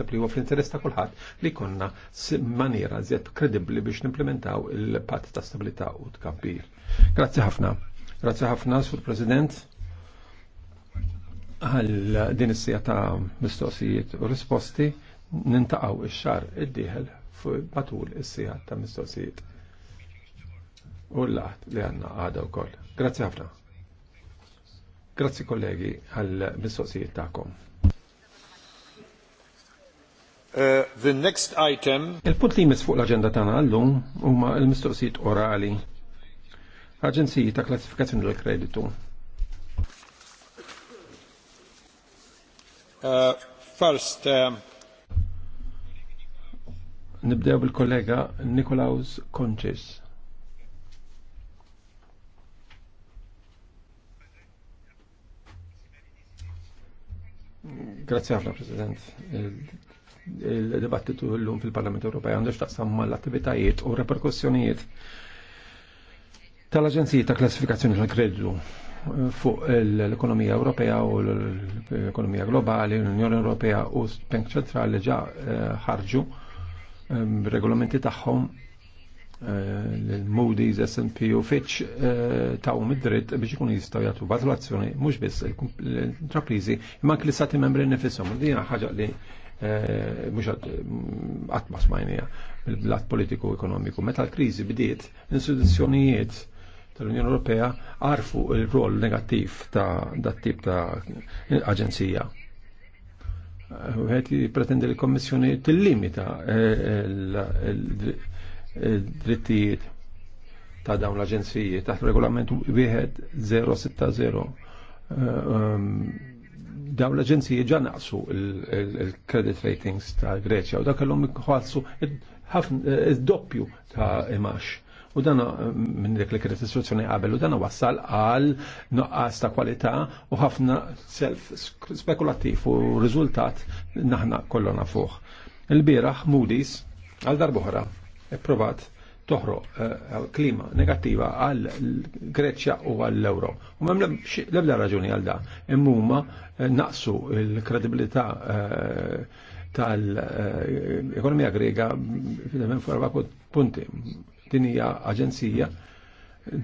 naħseb li huwa fl-interess ta' kulħadd li konna maniera żjed kredibbli biex nimplementaw il-patt ta' stabilità u tkabbir. Grazzi ħafna. Grazzi ħafna, Sur President għal din is ta' mistoqsijiet u risposti nintaqgħu ix-xar id-dieħel matul is-sija ta' mistoqsijiet. U l-laħt li għanna għada wkoll. Grazzi ħafna. Grazzi kollegi għal mistoqsijiet tagħkom. Uh, the next item. Il-punt li jmiss fuq l-agenda tagħna għallum huma l-mistoqsijiet orali. Aġenziji ta' klassifikazzjoni tal kreditu uh, First, um- nibdew bil-kollega Nikolaus Konċis. Grazie ħafna, President il-dibattitu l-lum fil-Parlament Ewropej għandax taqsam mal-attivitajiet u reperkussjonijiet tal-Aġenziji ta' Klassifikazzjoni tal-Kreditu fuq l-ekonomija Ewropea u l-ekonomija globali, l-Unjoni Ewropea u Bank Ċentrali ġa eh, ħarġu ehm, regolamenti tagħhom eh, l-Moody's, S&P u Fitch u eh, mid-dritt biex ikun jistaw jagħtu bazzolazzjoni mhux biss l-intrapriżi imma anke stati membri nifisom. Dina ħaġa li Eh, mux mm, għatma smajnija bil-blat politiku ekonomiku. Meta l-krizi bidiet, l-istituzzjonijiet tal-Unjoni Ewropea għarfu il-rol negativ ta' dat-tip ta' aġenzija. Għet eh, pretendi li kommissjoni t-limita eh, l-drittijiet ta' dawn l-aġenzijiet taħt regolament 1060 dawn l-aġenziji ġa naqsu il-credit ratings ta' Greċja u dak l-lum ħalsu doppju ta' imax. U dan minn dik li kienet istruzzjoni qabel u dan wassal għal noqqas ta' kwalità u ħafna self spekulattiv u riżultat naħna kollona nafuh. Il-bieraħ Moody's għal darbohra provat toħro eh, klima negattiva għal Greċja u għall euro U mem lebda raġuni għal da. Immuma eh, naqsu l-kredibilità eh, tal-ekonomija grega fil-men forba punti. Din hija aġenzija,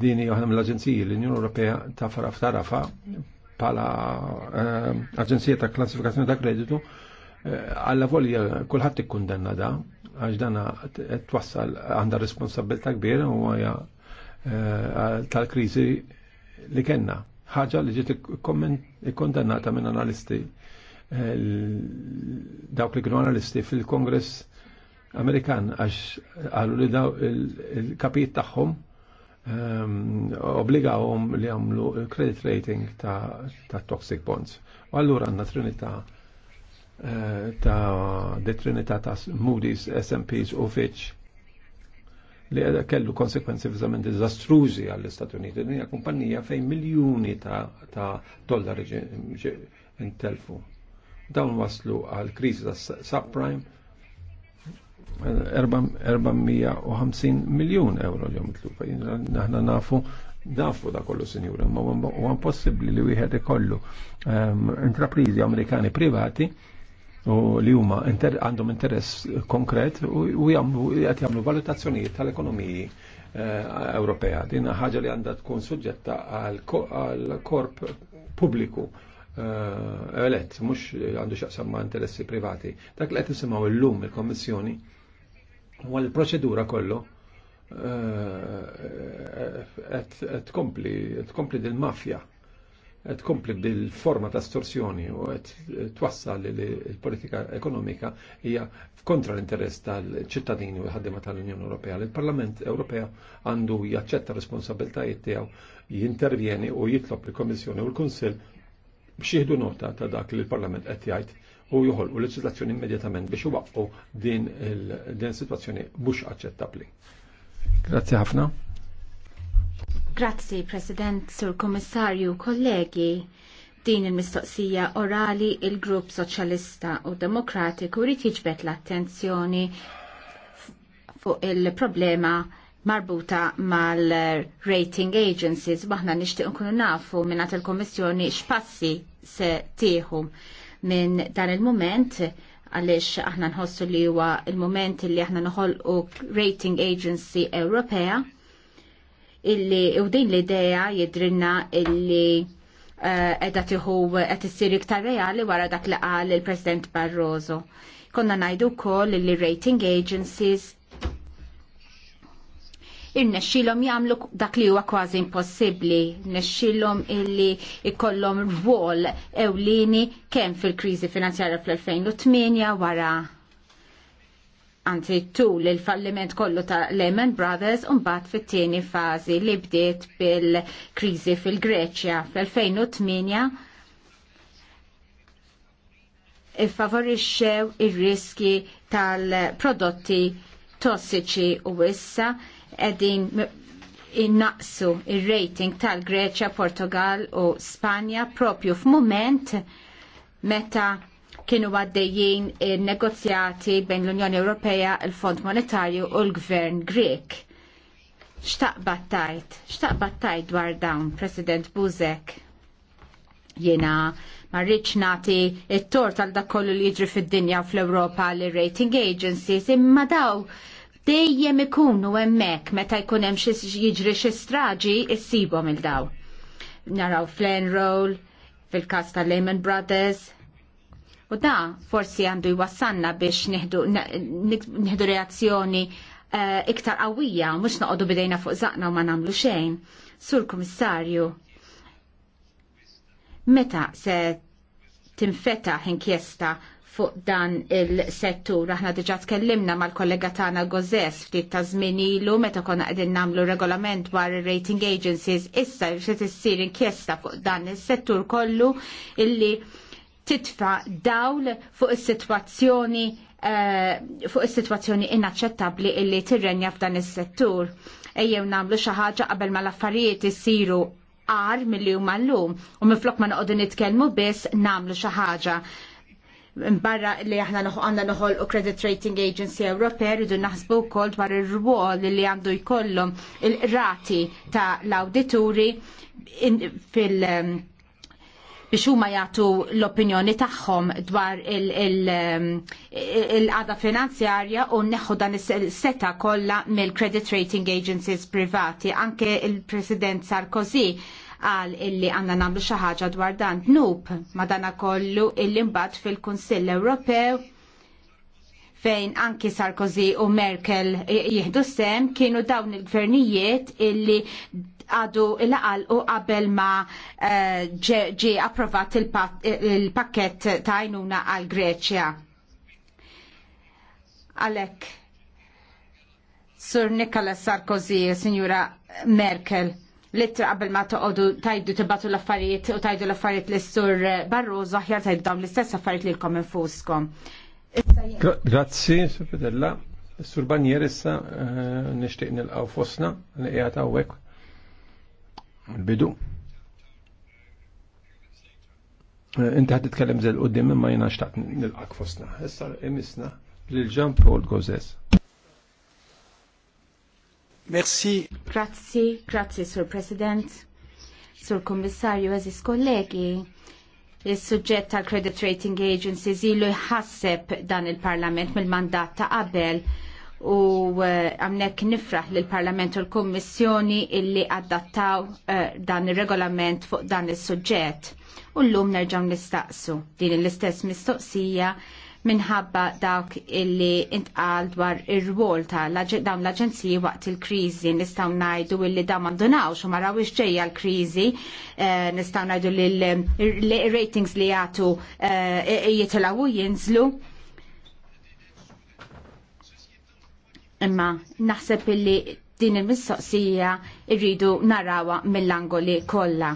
din hija waħda mill-aġenziji l-Unjoni Ewropea ta' faraf tarafa pala aġenzija ta' klassifikazzjoni ta' kreditu għalla volja kullħat ikkundanna da' għax dana twassal għanda responsabilta kbira u għaja eh, tal-krizi li kena. ħaġa li ġiet ikkondannata minn analisti eh, dawk li kienu analisti fil-Kongress Amerikan għax għallu li daw il-kapijiet tagħhom ehm, obbligawhom li għamlu credit rating ta' toxic bonds. U allura għandna Trinità Eh, ta' detrinità ta' Moody's, S&P's u Fitch li kellu konsekwenzi fiżament dizastruzi għall istat Uniti. Dinja kumpanija fejn miljoni ta', ta dollari intelfu. Dawn waslu għal kriżi ta' subprime 450 miljon euro li jomitlu. Naħna nafu nafu da kollu sinjura, ma huwa impossibbli li wieħed ikollu ehm, intraprizi Amerikani privati u li huma għandhom interess konkret u qed jagħmlu valutazzjonijiet tal-ekonomiji eh, Ewropea. Din ħaġa li għandha tkun suġġetta għal korp pubbliku eh, elett, mhux għandu x'aqsam ma' interessi privati. Dak li qed nisimgħu llum il-Kommissjoni u l-proċedura kollu eh, qed tkompli din mafja għed tkompli bil-forma ta' storsjoni u qed twassal li l-politika ekonomika hija kontra l-interess tal-ċittadini u l-ħaddima tal-Unjoni Ewropea. l parlament Ewropea għandu jaċċetta responsabiltajiet tiegħu jintervjeni u jitlob il-Kommissjoni u l-Kunsill biex jieħdu nota ta' dak li l-Parlament qed jgħid u joħolqu leġislazzjoni immedjatament biex iwaqqu din il-din situazzjoni mhux aċċettabbli. Grazzi ħafna. Grazzi, President, Sur Kommissarju, kollegi. Din il-mistoqsija orali il-Grupp Soċjalista u Demokratiku rrit jiġbet l-attenzjoni fuq il-problema marbuta mal-rating agencies. Baħna nishtiq nkunu nafu minnat il-Kommissjoni x'passi se tieħu minn dan il-moment għalix aħna nħossu li huwa il-moment li aħna noħolqu rating agency Ewropea illi u din l-idea jidrinna illi eh, edha tiħu qed issir iktar reali wara dak li qal il-President Barroso. Konna ngħidu wkoll illi rating agencies irnexxilhom jagħmlu dak li huwa kważi impossibbli, nexxilhom illi ikollhom rwol ewlieni kemm fil-kriżi finanzjarja fl-2008 wara anzi tul il-falliment kollu ta' Lehman Brothers bat fit-tieni fażi li bdiet bil-kriżi fil-Greċja fil 2008 iffavorixxew ir-riski tal-prodotti tossiċi u issa qegħdin innaqsu ir-rating tal-Greċja, Portugal u Spanja propju f'mument meta kienu għaddejjin negozjati bejn l-Unjoni Ewropea, il-Fond Monetarju u l-Gvern Grek. Xtaqbat tajt, xtaq tajt dwar dawn, President Buzek. Jena marriċ nati il tort għal dak kollu li jiġri fid-dinja u fl-Ewropa li rating agencies imma daw dejjem ikunu hemmhekk meta jkun hemm xi jiġri xi straġi issibhom il daw. Naraw fl fil-każ tal Lehman Brothers, U da forsi għandu jwassanna biex nieħdu reazzjoni eh, iktar qawwija mux mhux noqogħdu bidejna fuq zaqna u ma nagħmlu xejn. Sur komissarju, meta se tinfetaħ inkjesta fuq dan il-settur. Aħna diġa tkellimna mal-kollega Tana Gozes ftit ta' żmien ilu meta konna qegħdin nagħmlu regolament dwar rating agencies issa se tissir inkjesta fuq dan is-settur kollu illi titfa dawl fuq is-sitwazzjoni eh, fuq is-sitwazzjoni inaċċettabbli illi tirrenja f'dan is-settur. Ejjew nagħmlu xi ħaġa qabel ma l-affarijiet isiru għar milli huma llum u minflok ma noqogħdu nitkellmu biss nagħmlu xi ħaġa. Barra li aħna għandna noħol u Credit Rating Agency Ewropea rridu naħsbu wkoll dwar ir-rwol li għandu jkollhom il-rati ta' l-awdituri fil- biex huma jagħtu l-opinjoni tagħhom dwar um, il-qada finanzjarja u neħu dan is-seta kollha mill-credit rating agencies privati. Anke il-President Sarkozy għal illi għanna namlu xaħġa dwar dan tnub madana kollu illi mbagħad fil-Kunsill Ewropew fejn anki Sarkozy u Merkel jihdu sem kienu dawn il-gvernijiet illi għadu il-għal u qabel ma eh, ġi approvat il-pakket ta' għajnuna għal Greċja. Għalek, Sur Nikola Sarkozy, Signora Merkel, littra qabel ma toqodu tajdu tibatu l-affarijiet u tajdu l-affarijiet l-Sur Barroso, ħjar tajdu dawn l-istess affarijiet li l-kom infuskom. Grazzi, Sur Pedella. Sur Banier issa eh, nishtiq nil-għaw fosna li qiegħed hawnhekk bidu eh, Inti ħad titkellem zel qudiem imma jiena xtaqt nilqak fostna. Issa imisna lil Jean Paul Gozes. Merci. Grazzi, grazzi Sur President, Sur Kommissarju, eżis kollegi. Is-suġġett tal-Credit Rating Agencies ilu jħasseb dan il-Parlament mill-mandat ta' qabel u eh, għamnek nifraħ l parlament u l-Kommissjoni illi adattaw uh, dan il-regolament fuq dan il-sujġet. U l-lum nerġaw nistaqsu din l-istess mistoqsija minħabba dawk illi intqal dwar ir-rwol ta' dawn l-aġenziji waqt il-krizi nistaw najdu illi da mandunaw u marawix ġejja l-krizi eh, nistaw najdu li l-ratings li jgħatu uh, jinżlu Imma naħseb illi din il-mistoqsija irridu narawa mill-angoli kollha.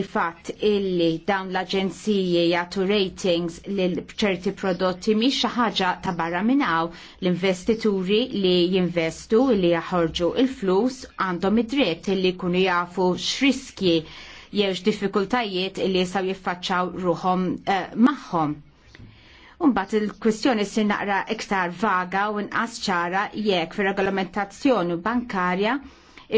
Il-fatt illi dawn l-aġenziji jagħtu ratings lil ċerti prodotti mhix xi ħaġa ta' barra minn hawn l-investituri li jinvestu li jaħorġu il-flus għandhom id-dritt li jkunu jafu x'riskji jew x'diffikultajiet li jistgħu jiffaċċaw ruhom eh, magħhom Umbat il-kwistjoni si naqra iktar vaga u nqas ċara jekk fir regolamentazzjoni bankarja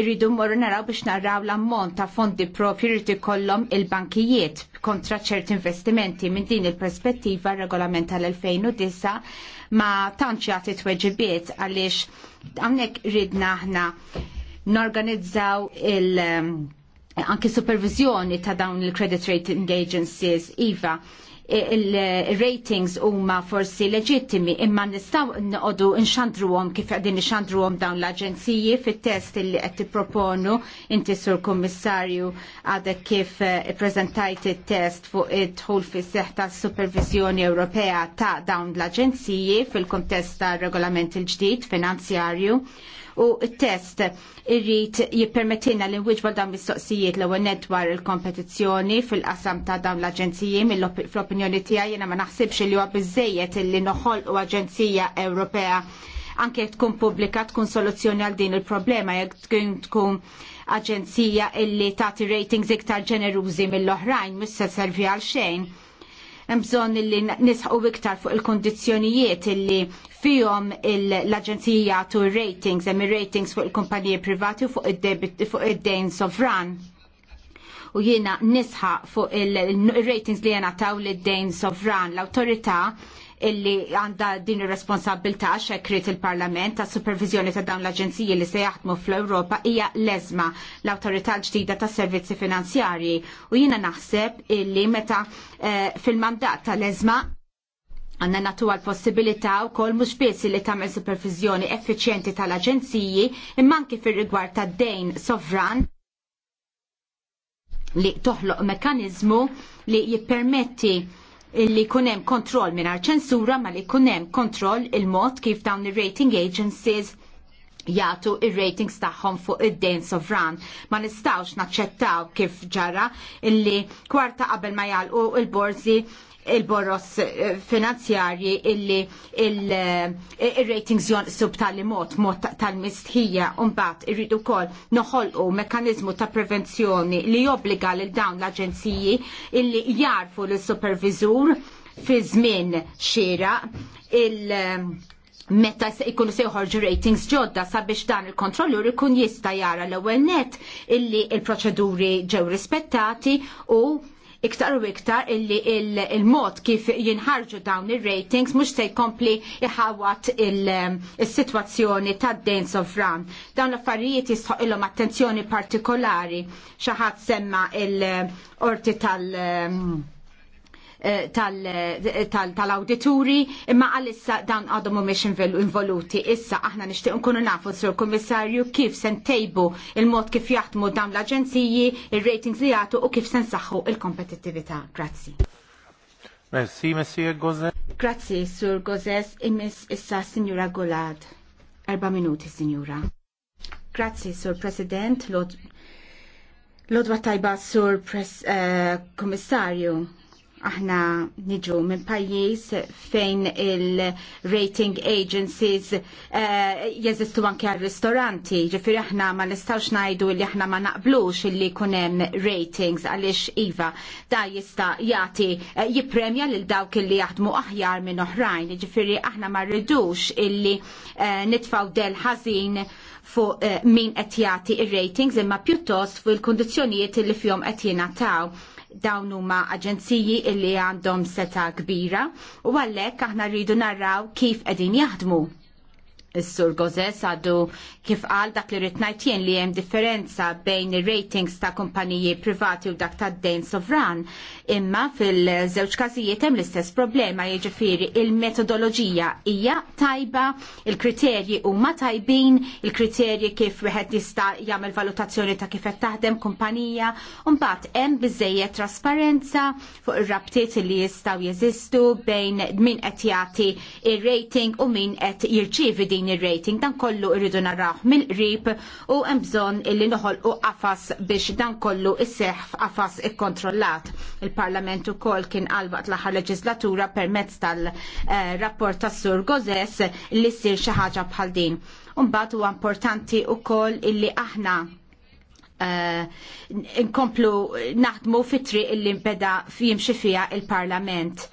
irridu mmorru naraw biex naraw l-ammont ta' fondi propri rrid ikollhom il-bankijiet kontra ċerti investimenti minn din il-perspettiva regolament tal-2009 ma tant jagħti tweġibiet għaliex hawnhekk ridna aħna norganizzaw il- um, anki supervizjoni ta' dawn il-credit rating agencies, IVA, il-ratings huma forsi leġittimi imma nistgħu noqogħdu nxandruhom kif qegħdin għom dawn l-aġenziji fit-test li qed tipproponu inti sur kummissarju għadek kif eh, prezentajt it-test fuq id-dħul fis seħħ tas-Supervizjoni Ewropea ta' dawn l-aġenziji fil kontesta tar regolament il-ġdid finanzjarju u t-test irrid jippermettina li nwiġba dan mistoqsijiet l-ewwel netwar il-kompetizzjoni fil-qasam ta' dawn l-aġenziji mill-opinjoni tiegħi jiena ma naħsibx li huwa biżejjed illi noħolqu aġenzija Ewropea anke tkun pubblika tkun soluzzjoni għal din il-problema jekk tkun tkun aġenzija illi tagħti ratings iktar ġenerużi mill-oħrajn mis se servi għal xejn hemm bżonn li nisħu iktar fuq il kondizjonijiet illi fihom l-aġenzija jagħtu ratings, hemm ir-ratings fuq il-kumpaniji privati u fuq id-dejn sovran. U jiena nisħaq fuq il-ratings li jena taw l-dejn sovran l-awtorità illi għanda din ir-responsabilta x'ekrit il-Parlament ta' supervizjoni ta' dawn l-aġenziji li se jaħdmu fl-Ewropa hija leżma l-awtorità l-ġdida ta' servizzi finanzjarji u jiena naħseb illi meta eh, fil-mandat ta' leżma għanna natu għal possibilità u kol mux biss li tamel supervizjoni effiċjenti tal-aġenziji imman kif ir-rigward ta' dejn sovran li toħloq mekanizmu li jippermetti illi kunem kontroll minn ċensura ma li kunem kontroll il-mod kif dawn il-rating agencies jgħatu il ratings tagħhom fuq id-dejn sovran. Ma nistawx naċċettaw kif ġara illi kwarta qabel ma jgħalqu il-borzi il-boros eh, finanzjarji illi eh, il-ratings jonqsub tal mod mod tal-mistħija unbat irridu kol noħolqu mekanizmu ta' prevenzjoni li jobbliga lil dawn l-aġenziji illi jarfu l-supervizur fi żmien xira il- eh, meta ikunu se joħorġu ratings ġodda sabiex dan il-kontrollur ikun jista jara l-ewwel net illi il-proċeduri ġew rispettati u iktar u iktar illi il-mod kif jinħarġu dawn ir-ratings mhux se jkompli iħawat il-sitwazzjoni tad-dejn sofran. Dawn l-affarijiet jistħoq ilhom attenzjoni partikolari xi ħadd semma il-qorti tal- Eh, eh, tal-awdituri imma għalissa dan għadhom mhumiex involuti. Issa aħna nixtieq nkunu nafu sur kummissarju kif se ntejbu il-mod kif jaħdmu dawn l-aġenziji, ir-ratings li jagħtu u kif se nsaħħu il-kompetittività. Grazzi. Merci, Messie Gozes. Grazzi, Sur Gozes, imis issa Signora Golad. Erba minuti, Signora. Grazzi, Sur President, Lodwa Tajba, Sur Pres, uh, aħna niġu minn pajjiż fejn il-rating agencies uh, jeżistu anke għal ristoranti, ġifiri aħna ma nistawx najdu li aħna ma naqblux illi kunem ratings għalix Iva, da jista jati uh, eh, jipremja lil dawk illi jaħdmu aħjar minn oħrajn, ġifiri aħna ma rridux illi uh, eh, nitfaw del ħażin fuq uh, min qed jagħti ir-ratings imma pjuttost fuq il-kundizzjonijiet li fihom qed jingħataw dawn huma aġenziji illi għandhom seta kbira u għalhekk aħna rridu narraw kif qegħdin jaħdmu. Is-Sur Gozes għadu kif qal dak li rrid ngħid jien li hemm differenza bejn ir-ratings ta' kumpaniji privati u dak ta' dejn sovran, imma fil-żewġ każijiet hemm l-istess problema jiġifieri il-metodoloġija hija tajba, il-kriterji huma tajbin, il-kriterji kif wieħed jista' jagħmel valutazzjoni ta' kif qed taħdem kumpanija, u mbagħad hemm biżejjed trasparenza fuq ir-rabtiet li jistgħu jeżistu bejn min qed jagħti ir-rating u min qed jirċievi din din ir-rating dan kollu irridu narraħ mill-qrib u hemm bżonn illi noħolqu qafas biex dan kollu isseħħ f'qafas ikkontrollat. Il-Parlament ukoll kien qalbaq l-aħħar leġislatura permezz tal-rapport tas-Sur Gozes li ssir xi ħaġa bħal din. mbagħad huwa importanti wkoll illi aħna nkomplu eh, inkomplu naħdmu fitri illi beda jimxi fija il-parlament.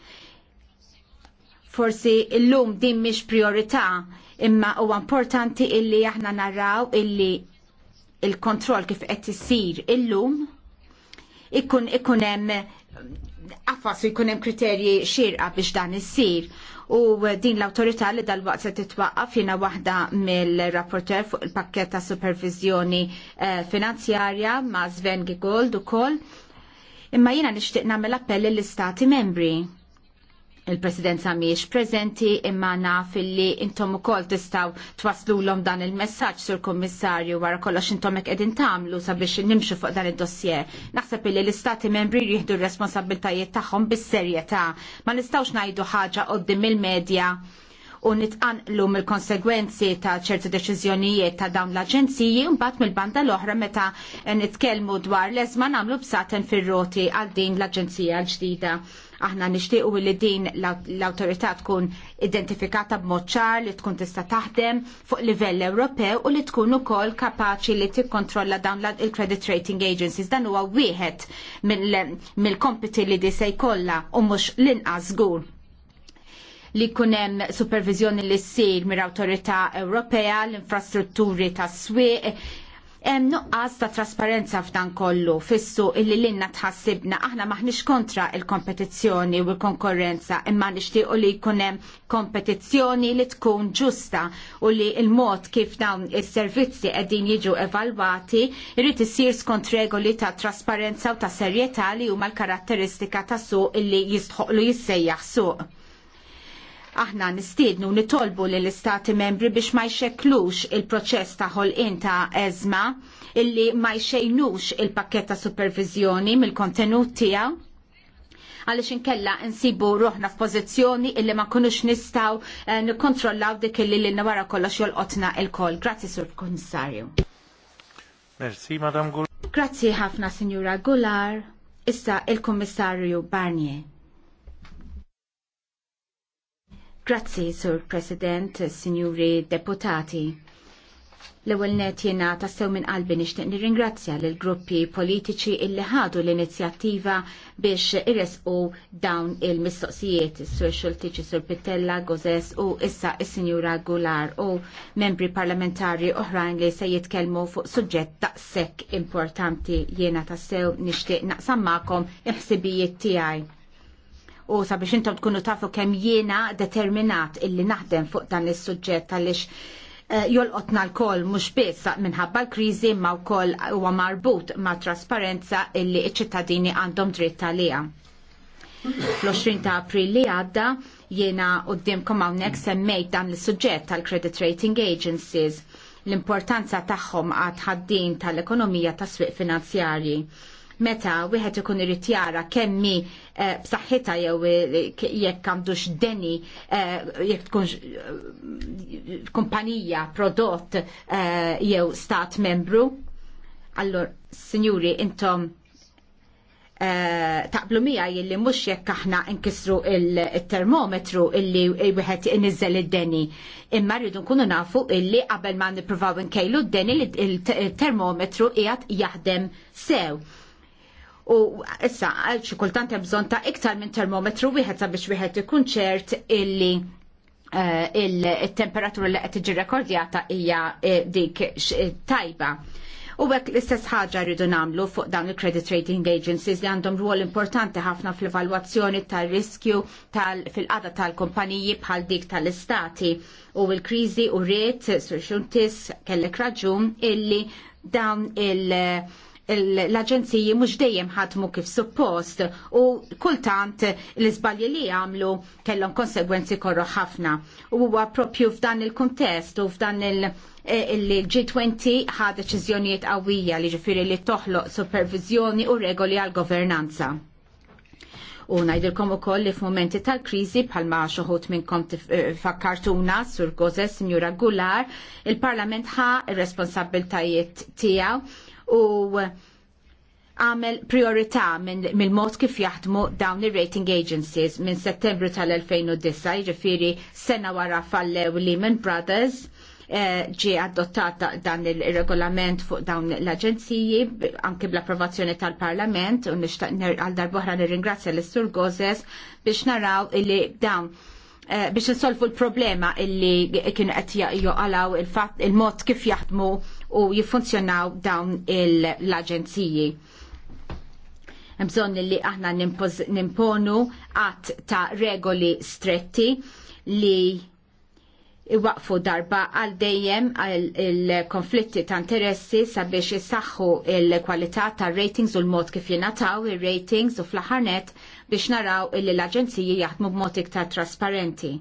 Forsi l-lum din miex priorità imma huwa importanti illi aħna naraw illi il-kontroll kif qed isir illum ikun ikun hemm affas u jkun hemm kriterji xirqa biex dan isir. U din l-autorità li dal-waqt se titwaqqaf fina waħda mill-rapporter fuq il-pakket ta' supervizjoni eh, finanzjarja ma' Sven Gigold ukoll. Imma jiena nixtieq nagħmel appell l istati membri il-presidenza Samiex prezenti imma naf li intom ukoll tistgħu twaslulhom dan il-messaġġ sur kummissarju wara kollox intom hekk qegħdin tagħmlu sabiex nimxu fuq dan id-dossier. Naħseb li l-istati membri jieħdu r-responsabbiltajiet tagħhom bis-serjetà. Ma nistgħux ngħidu ħaġa qoddim il-medja u nitqanqlu mill-konsegwenzi ta' ċerti deċiżjonijiet ta' dawn l-aġenziji mbagħad mill-banda l-oħra meta nitkellmu dwar l-eżma nagħmlu bsaten fir-roti għal din l-aġenzija l-ġdida. Aħna nixtiequ li din l-awtorità tkun identifikata b'mod ċar li tkun tista' taħdem fuq livell Ewropew u li tkun ukoll kapaċi li tikkontrolla dawn il-credit rating agencies. Dan huwa wieħed mill-kompiti li di se jkollha u mhux l-inqas żgur li kunem supervizjoni li s-sir mir Ewropea, l-infrastrutturi ta' swieq, Hemm nuqqas ta' trasparenza f'dan kollu fissu illi l-inna tħassibna aħna maħniex kontra il-kompetizzjoni u l-konkurrenza imma nixtiequ li jkun hemm kompetizzjoni li tkun ġusta u li l-mod kif dawn is-servizzi qegħdin jiġu evalwati jrid isir skont regoli ta' trasparenza u ta' serjetà li huma l-karatteristika ta' suq illi jistħoqlu jissejjaħ suq Aħna nistiednu nitolbu lill istati membri biex ma jxekklux il-proċess ta' ħolqien ta' eżma illi ma jxejnux il-pakket ta' supervizjoni mill-kontenut tiegħu għaliex inkella insibu ruħna f'pożizzjoni illi ma kunux nistgħu eh, nikkontrollaw dik illi li wara kollox jolqotna il kol Grazzi Sur Kummissarju. Merci, Madam Goulard. Grazzi ħafna, Signora Gular. Issa il-Kummissarju Barnier. Grazzi, Sur President, Signori Deputati. L-ewwel net jiena tassew minn qalbi nixtieq nirringrazzja lill gruppi politiċi illi ħadu l-inizjattiva biex irresqu dawn il-mistoqsijiet is-Sur Xultiċi Sur Pittella, Gozes u issa is-Sinjura Gular u membri parlamentari oħrajn li se jitkellmu fuq suġġett daqshekk importanti jiena tassew nixtieq naqsam magħkom il-ħsibijiet tiegħi u sabiex intom tkunu tafu kemm jiena determinat illi naħdem fuq dan is-suġġett għaliex eh, jolqotna l mhux biss minħabba l-kriżi ma wkoll huwa marbut ma' trasparenza illi ċ-ċittadini għandhom dritt għaliha. Fl-20 ta' April li għadda jiena qudiemkom hawnhekk semmejt dan is-suġġett tal-Credit Rating Agencies l-importanza tagħhom għad ħaddin tal-ekonomija tas-swieq finanzjarji meta wieħed ikun irid jara kemmi eh, b'saħħitha jew eh, jekk għandux deni eh, jekk tkun kumpanija prodott jew stat membru. Allor, sinjuri, intom taqblu mija jilli mux jekk aħna nkissru il-termometru illi wieħed inizzel id-deni. Imma rridu nkunu nafu illi qabel ma nippruvaw nkejlu d-deni il-termometru qiegħed jaħdem sew. U issa għal xi kultant hemm bżonn ta' iktar minn termometru wieħed sabiex wieħed ikun ċert illi eh, il-temperatura li qed tiġi rekordjata hija eh, dik eh, tajba. U għek l-istess ħaġa rridu namlu fuq dawn il-credit rating agencies li għandhom ruol importanti ħafna fl-evalwazzjoni tal-riskju fil-qada tal-kompaniji bħal dik tal-istati u il-krizi u rrit sur xuntis kellek raġun illi dawn il- l-aġenziji mhux dejjem ħadmu kif suppost u kultant l-iżbalji li għamlu kellhom konsegwenzi korro ħafna. U huwa propju f'dan il-kuntest u f'dan il- eh, il-G20 ħa deċiżjonijiet qawwija li ġifiri li toħloq supervizjoni u regoli għal governanza. U najdilkom u koll li f-momenti tal-krizi bħalma xoħut minnkom eh, fakkartuna sur gozes signora Gular, il-Parlament ħa il-responsabiltajiet tijaw u għamel priorità mill-mod kif jaħdmu dawn ir-rating agencies minn settembru tal-2009, jiġifieri sena wara fallew Lehman Brothers eh, ġie adottat dan il-regolament fuq dawn l-aġenziji anke bl-approvazzjoni tal-Parlament u nishtaq għal darbohra nirringrazzja l-Sur Gozes biex naraw li dawn eh, biex nsolfu l-problema illi kienu qed joqalaw il-mod kif jaħdmu u jiffunzjonaw dawn l-aġenziji. Mżon li aħna nimponu għat ta' regoli stretti li iwaqfu darba għal dejjem il-konflitti ta' interessi sabiex jisaxħu il-kwalità ta' ratings u l-mod kif jenataw il-ratings u fl-ħarnet biex naraw il l-aġenziji jaħdmu b'mod iktar trasparenti.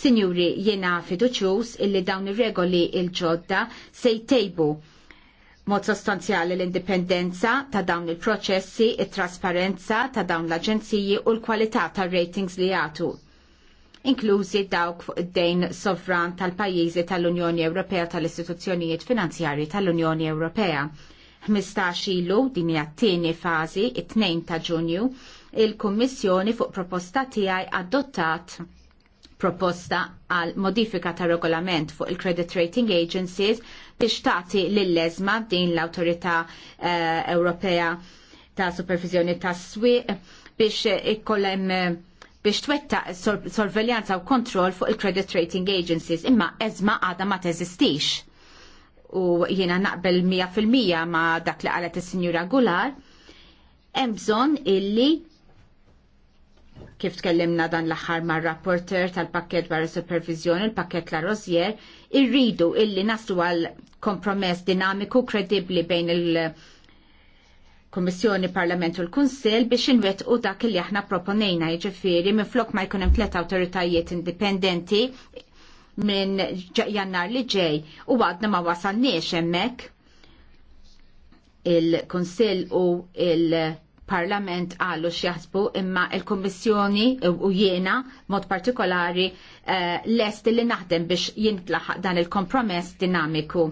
Sinjuri, jena fiduċjus illi dawn ir-regoli il-ġodda se jtejbu mod sostanzjali l-indipendenza ta' dawn il-proċessi, il trasparenza ta' dawn l-aġenziji u l-kwalità tar ratings li jagħtu. Inklużi dawk fuq id-dejn sovran tal-pajjiżi tal-Unjoni Ewropea tal-istituzzjonijiet finanzjarji tal-Unjoni Ewropea. 15 ilu din hija t-tieni fażi it-2 ta' Ġunju, il-Kummissjoni fuq proposta tiegħi adottat proposta għal modifika ta' regolament fuq il-Credit Rating Agencies biex tagħti lill-leżma din l-Awtorità eh, Ewropea ta' Supervizjoni tas Swieq biex ikkollem eh, biex twettaq sorveljanza u kontroll fuq il-Credit Rating Agencies imma eżma għadha ma teżistix u jiena naqbel 100% ma dak li qalet is-Sinjura Gular, hemm bżonn illi kif tkellimna dan l-aħħar mar rapporter tal-pakket wara supervizjoni, il-pakket la Rosier, irridu illi naslu għal kompromess dinamiku kredibli bejn il- Kommissjoni Parlament u l-Kunsil biex inwet u dak li aħna proponejna jiġifieri minn flok ma jkun hemm tliet awtoritajiet indipendenti minn jannar li ġej u għadna ma wasalniex hemmhekk il-Kunsil u il-Kunsil parlament għallu xjaħsbu imma il-Kommissjoni u jiena mod partikolari uh, lest li naħdem biex jintlaħ dan il-kompromess dinamiku.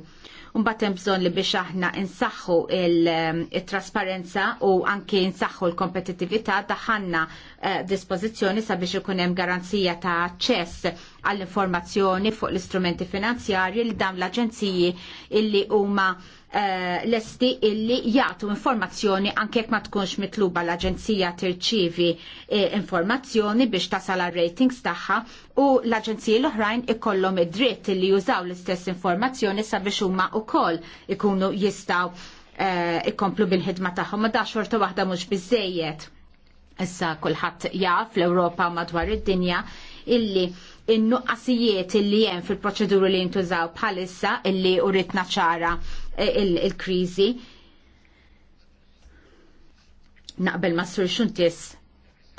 Unbatem bżon li biex aħna insaxħu il-trasparenza eh, u anki insaxħu l-kompetitivita daħanna uh, eh, dispozizjoni sabiex ikunem garanzija ta' ċess għall-informazzjoni fuq l-istrumenti finanzjarji li dam l-aġenziji illi huma Eh, lesti illi jagħtu informazzjoni anke ma tkunx mitluba l-aġenzija tirċievi eh, informazzjoni biex tasal ratings tagħha u l-aġenziji l-oħrajn ikollhom id-dritt illi jużaw l-istess informazzjoni sabiex huma wkoll ikunu jistgħu eh, ikomplu bil-ħidma tagħhom ma dax xorta waħda mhux biżejjed. Issa kulħadd jaf l-Ewropa madwar id-dinja illi in-nuqqasijiet illi hemm fil-proċeduri li jintużaw bħalissa illi uritna ċara il-kriżi. Naqbel ma' sur xuntis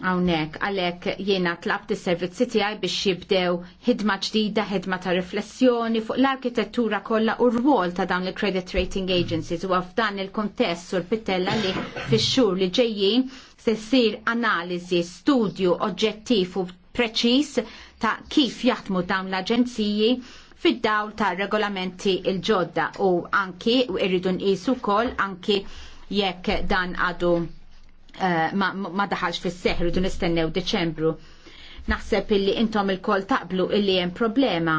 hawnhekk għalhekk jiena tlabt is-servizzi tiegħi biex jibdew hidma ġdida, ħidma ta' riflessjoni fuq l-arkitettura kollha u r-rwol ta' dawn il-credit rating agencies u f'dan il-kontest sur pittella li fix-xhur li ġejjin se ssir analiżi, studju oġġettiv u preċiż ta' kif jaħdmu dawn l-aġenziji fid-dawl ta' regolamenti il-ġodda u anki irridu nqisu wkoll anki jekk dan għadu uh, ma, ma daħalx fis-seħ irridu nistennew Deċembru. Naħseb illi intom il-kol taqblu illi hemm problema.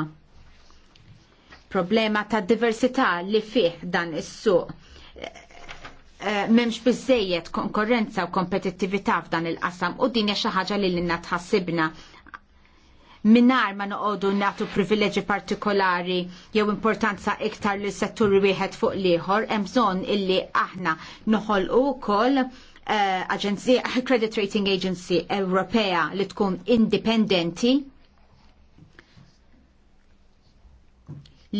Problema ta' diversità li fih dan is-suq eh, eh, memx bizzejiet konkurrenza u kompetittività f'dan il-qasam u din xi ħaġa li l-inna tħassibna minnar ma noqogħdu nagħtu privileġġi partikolari jew importanza iktar li setturi wieħed fuq l-ieħor, hemm bżonn illi aħna noħolqu wkoll uh, Credit Rating Agency Ewropea li tkun indipendenti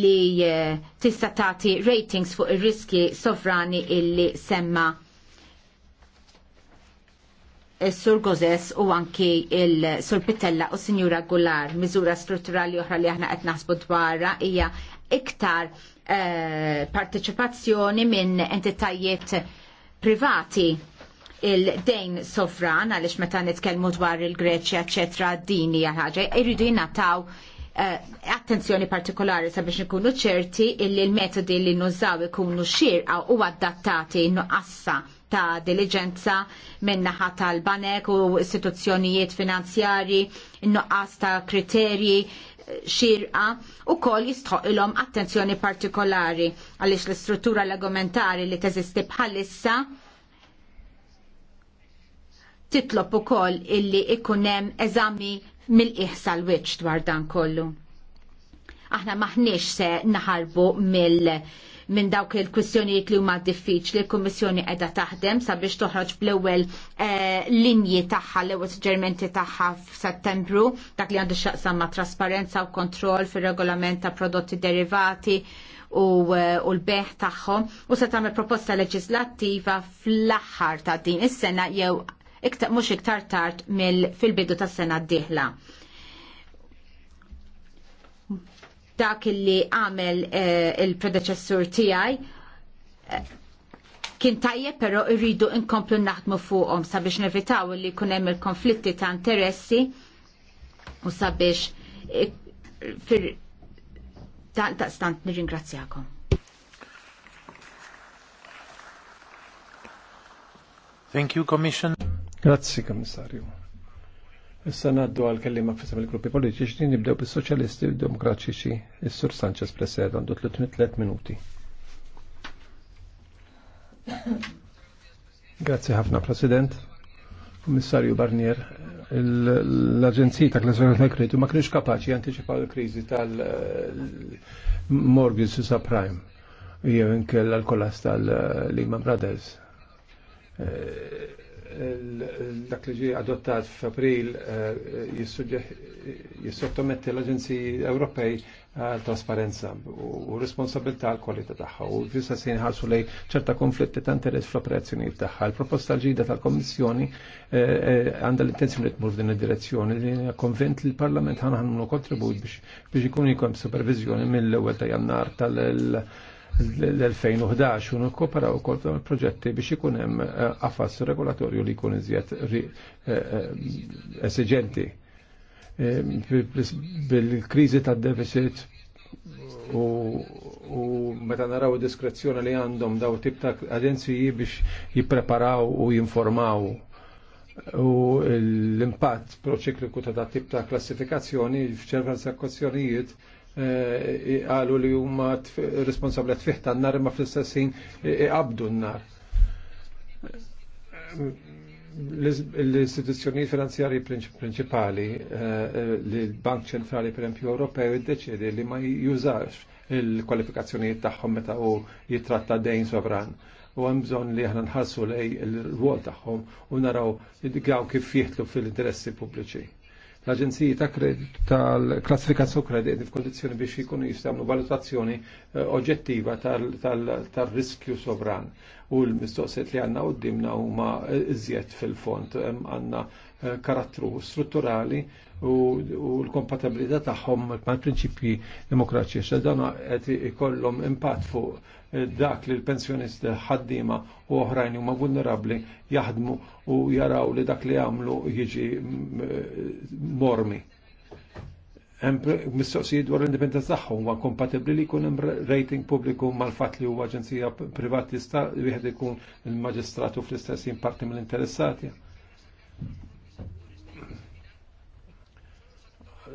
li eh, tista' tagħti ratings fuq ir-riski sovrani illi semma' Sur Gozes u anki il-Sur Pitella u Signora Gular, miżura strutturali oħra li aħna qed naħsbu dwarha hija iktar partecipazzjoni eh, parteċipazzjoni minn entitajiet privati il-dejn sovran għaliex meta nitkellmu dwar il-Greċja, eċetera, dini ħaġa, jridu jingħataw eh, attenzjoni partikolari sabiex nkunu ċerti illi l-metodi li nużaw ikunu xirqa u adattati nuqassa ta' diligenza minnaħa tal-banek u istituzzjonijiet finanzjari, nuqqas ta' kriterji xirqa u kol jistħoqilom attenzjoni partikolari għalix l-istruttura legomentari li teżisti bħalissa titlob u kol illi ikunem eżami mill-iħsa l wiċċ dwar dan kollu. Aħna maħniex se naħarbu mill- minn dawk il-kwistjonijiet li huma diffiċli l-Kummissjoni qiegħda taħdem sabiex toħroġ bl-ewwel eh, linji tagħha l-ewwel suġġerimenti tagħha f'Settembru dak li għandu x'aqsam ma' trasparenza u kontroll fir-regolament ta' prodotti derivati eh, u, l-beħ tagħhom u se tagħmel proposta leġislattiva fl-aħħar ta' din is-sena jew mhux iktar tard mill fil-bidu tas-sena d-dieħla. dak illi għamel eh, il-predeċessur tiegħi kien tajje però irridu nkomplu naħdmu fuqhom sabiex nevitaw li jkun hemm il-konflitti ta' interessi u sabiex eh, fir ta' stant nirringrazzjakom. Thank you, Commission. Grazie, Commissario. Issa naddu għal kellima fissam il-gruppi politiċi, nibdew bis-soċjalisti u demokratiċi, is-Sur Sanchez Presed, għandu 3 minuti. Grazie ħafna, President. Kommissarju Barnier, l-Aġenzija ta' Klassifikazzjoni tal-Kreditu ma kienx kapaċi jantiċipaw il-kriżi tal-mortgage subprime jew inkella l-kolas tal-Lehman Brothers eh, dak li ġie adottat f'April eh, jissottometti l-Aġenziji Ewropej għal eh, trasparenza u responsabilità għal kwalità tagħha u fissa se jinħarsu lej ċerta konflitti ta' interess fl-operazzjonijiet tagħha. Il-proposta ġida tal-Kommissjoni eh, għandha l-intenzjoni li tmur f'din id-direzzjoni li konvent li l-Parlament ħanħannu kontribut biex ikun jkun supervizjoni mill-ewwel ta' jannar tal- l-2011 u kopara u kol proġetti biex ikun hemm qafas eh, regolatorju li jkun iżjed eh, eh, esiġenti. Bil-kriżi tad-deficit u meta naraw diskrezzjoni li għandhom daw tip ta' aġenziji biex jippreparaw u jinformaw u l-impatt proċikliku ta' tip ta' klassifikazzjoni f'ċerta sekkozzjonijiet Eh, għalu li huma responsabli tfih tan-nar imma fl-istessin iqabdu n-nar. L-istituzzjoni finanzjari prinċipali eh, eh, li l-Bank Ċentrali per esempio Ewropew iddeċiedi li ma jużax il-kwalifikazzjonijiet tagħhom meta hu jitratta dejn sovran u hemm bżonn li aħna nħassu lej l-rwol taħħom u naraw id kif jieħtlu fil-interessi pubbliċi l-Aġenziji ta' tal-klassifikazzjoni kredit f'kondizzjoni biex jkunu jistgħu valutazzjoni eh, oġġettiva tal-riskju sovran. U l mistoqset li għandna qudiemna huma eh, iżjed fil-font għandna eh, karattru strutturali u l-kompatibilità tagħhom mal-prinċipji demokratiċi. Dan qed ikollhom impatt fuq dak li l-pensjonisti ħaddima u oħrajn huma vulnerabbli jaħdmu u jaraw li dak li jagħmlu jiġi mm, mormi. Hemm mistoqsijiet dwar l-indipendenza tagħhom huwa kompatibbli li jkun hemm rating pubbliku mal-fatt li huwa aġenzija privati sta wieħed ikun il-maġistratu fl-istess parti mill-interessati.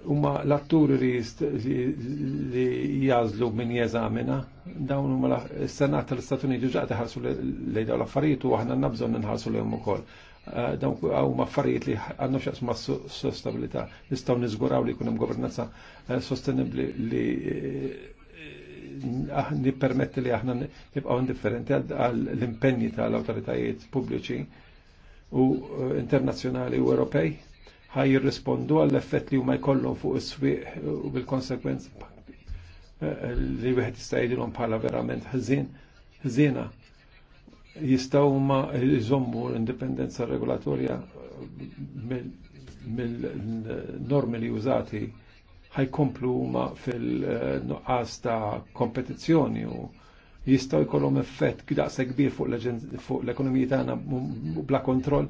Huma l-atturi li jażlu min jeżamina dawn huma s-Senat tal istat Uniti ġaqta ħarsu lejn dawn l-affarijiet u aħna nabżon nħarsu lejhom ukoll eh, dawn għaw affarijiet li għannu xaqs ma sostabilità nistaw nizguraw li kunem governanza eh, sostenibli li eh, nippermetti li aħna nibqaw indifferenti għal l-impenni tal-autoritajiet pubbliċi u internazzjonali u Ewropej ħaj jirrispondu għall effett li huma jkollhom fuq is-swieq u bil-konsekwenza li wieħed jista' jgħidilhom bħala verament ħżin ħżiena jistgħu huma jżommu l-indipendenza regolatorja mill-normi li użati ħajkomplu huma fil-nuqqas ta' kompetizzjoni u jistgħu jkollhom effett daqsa kbir fuq l-ekonomija tagħna bla kontroll,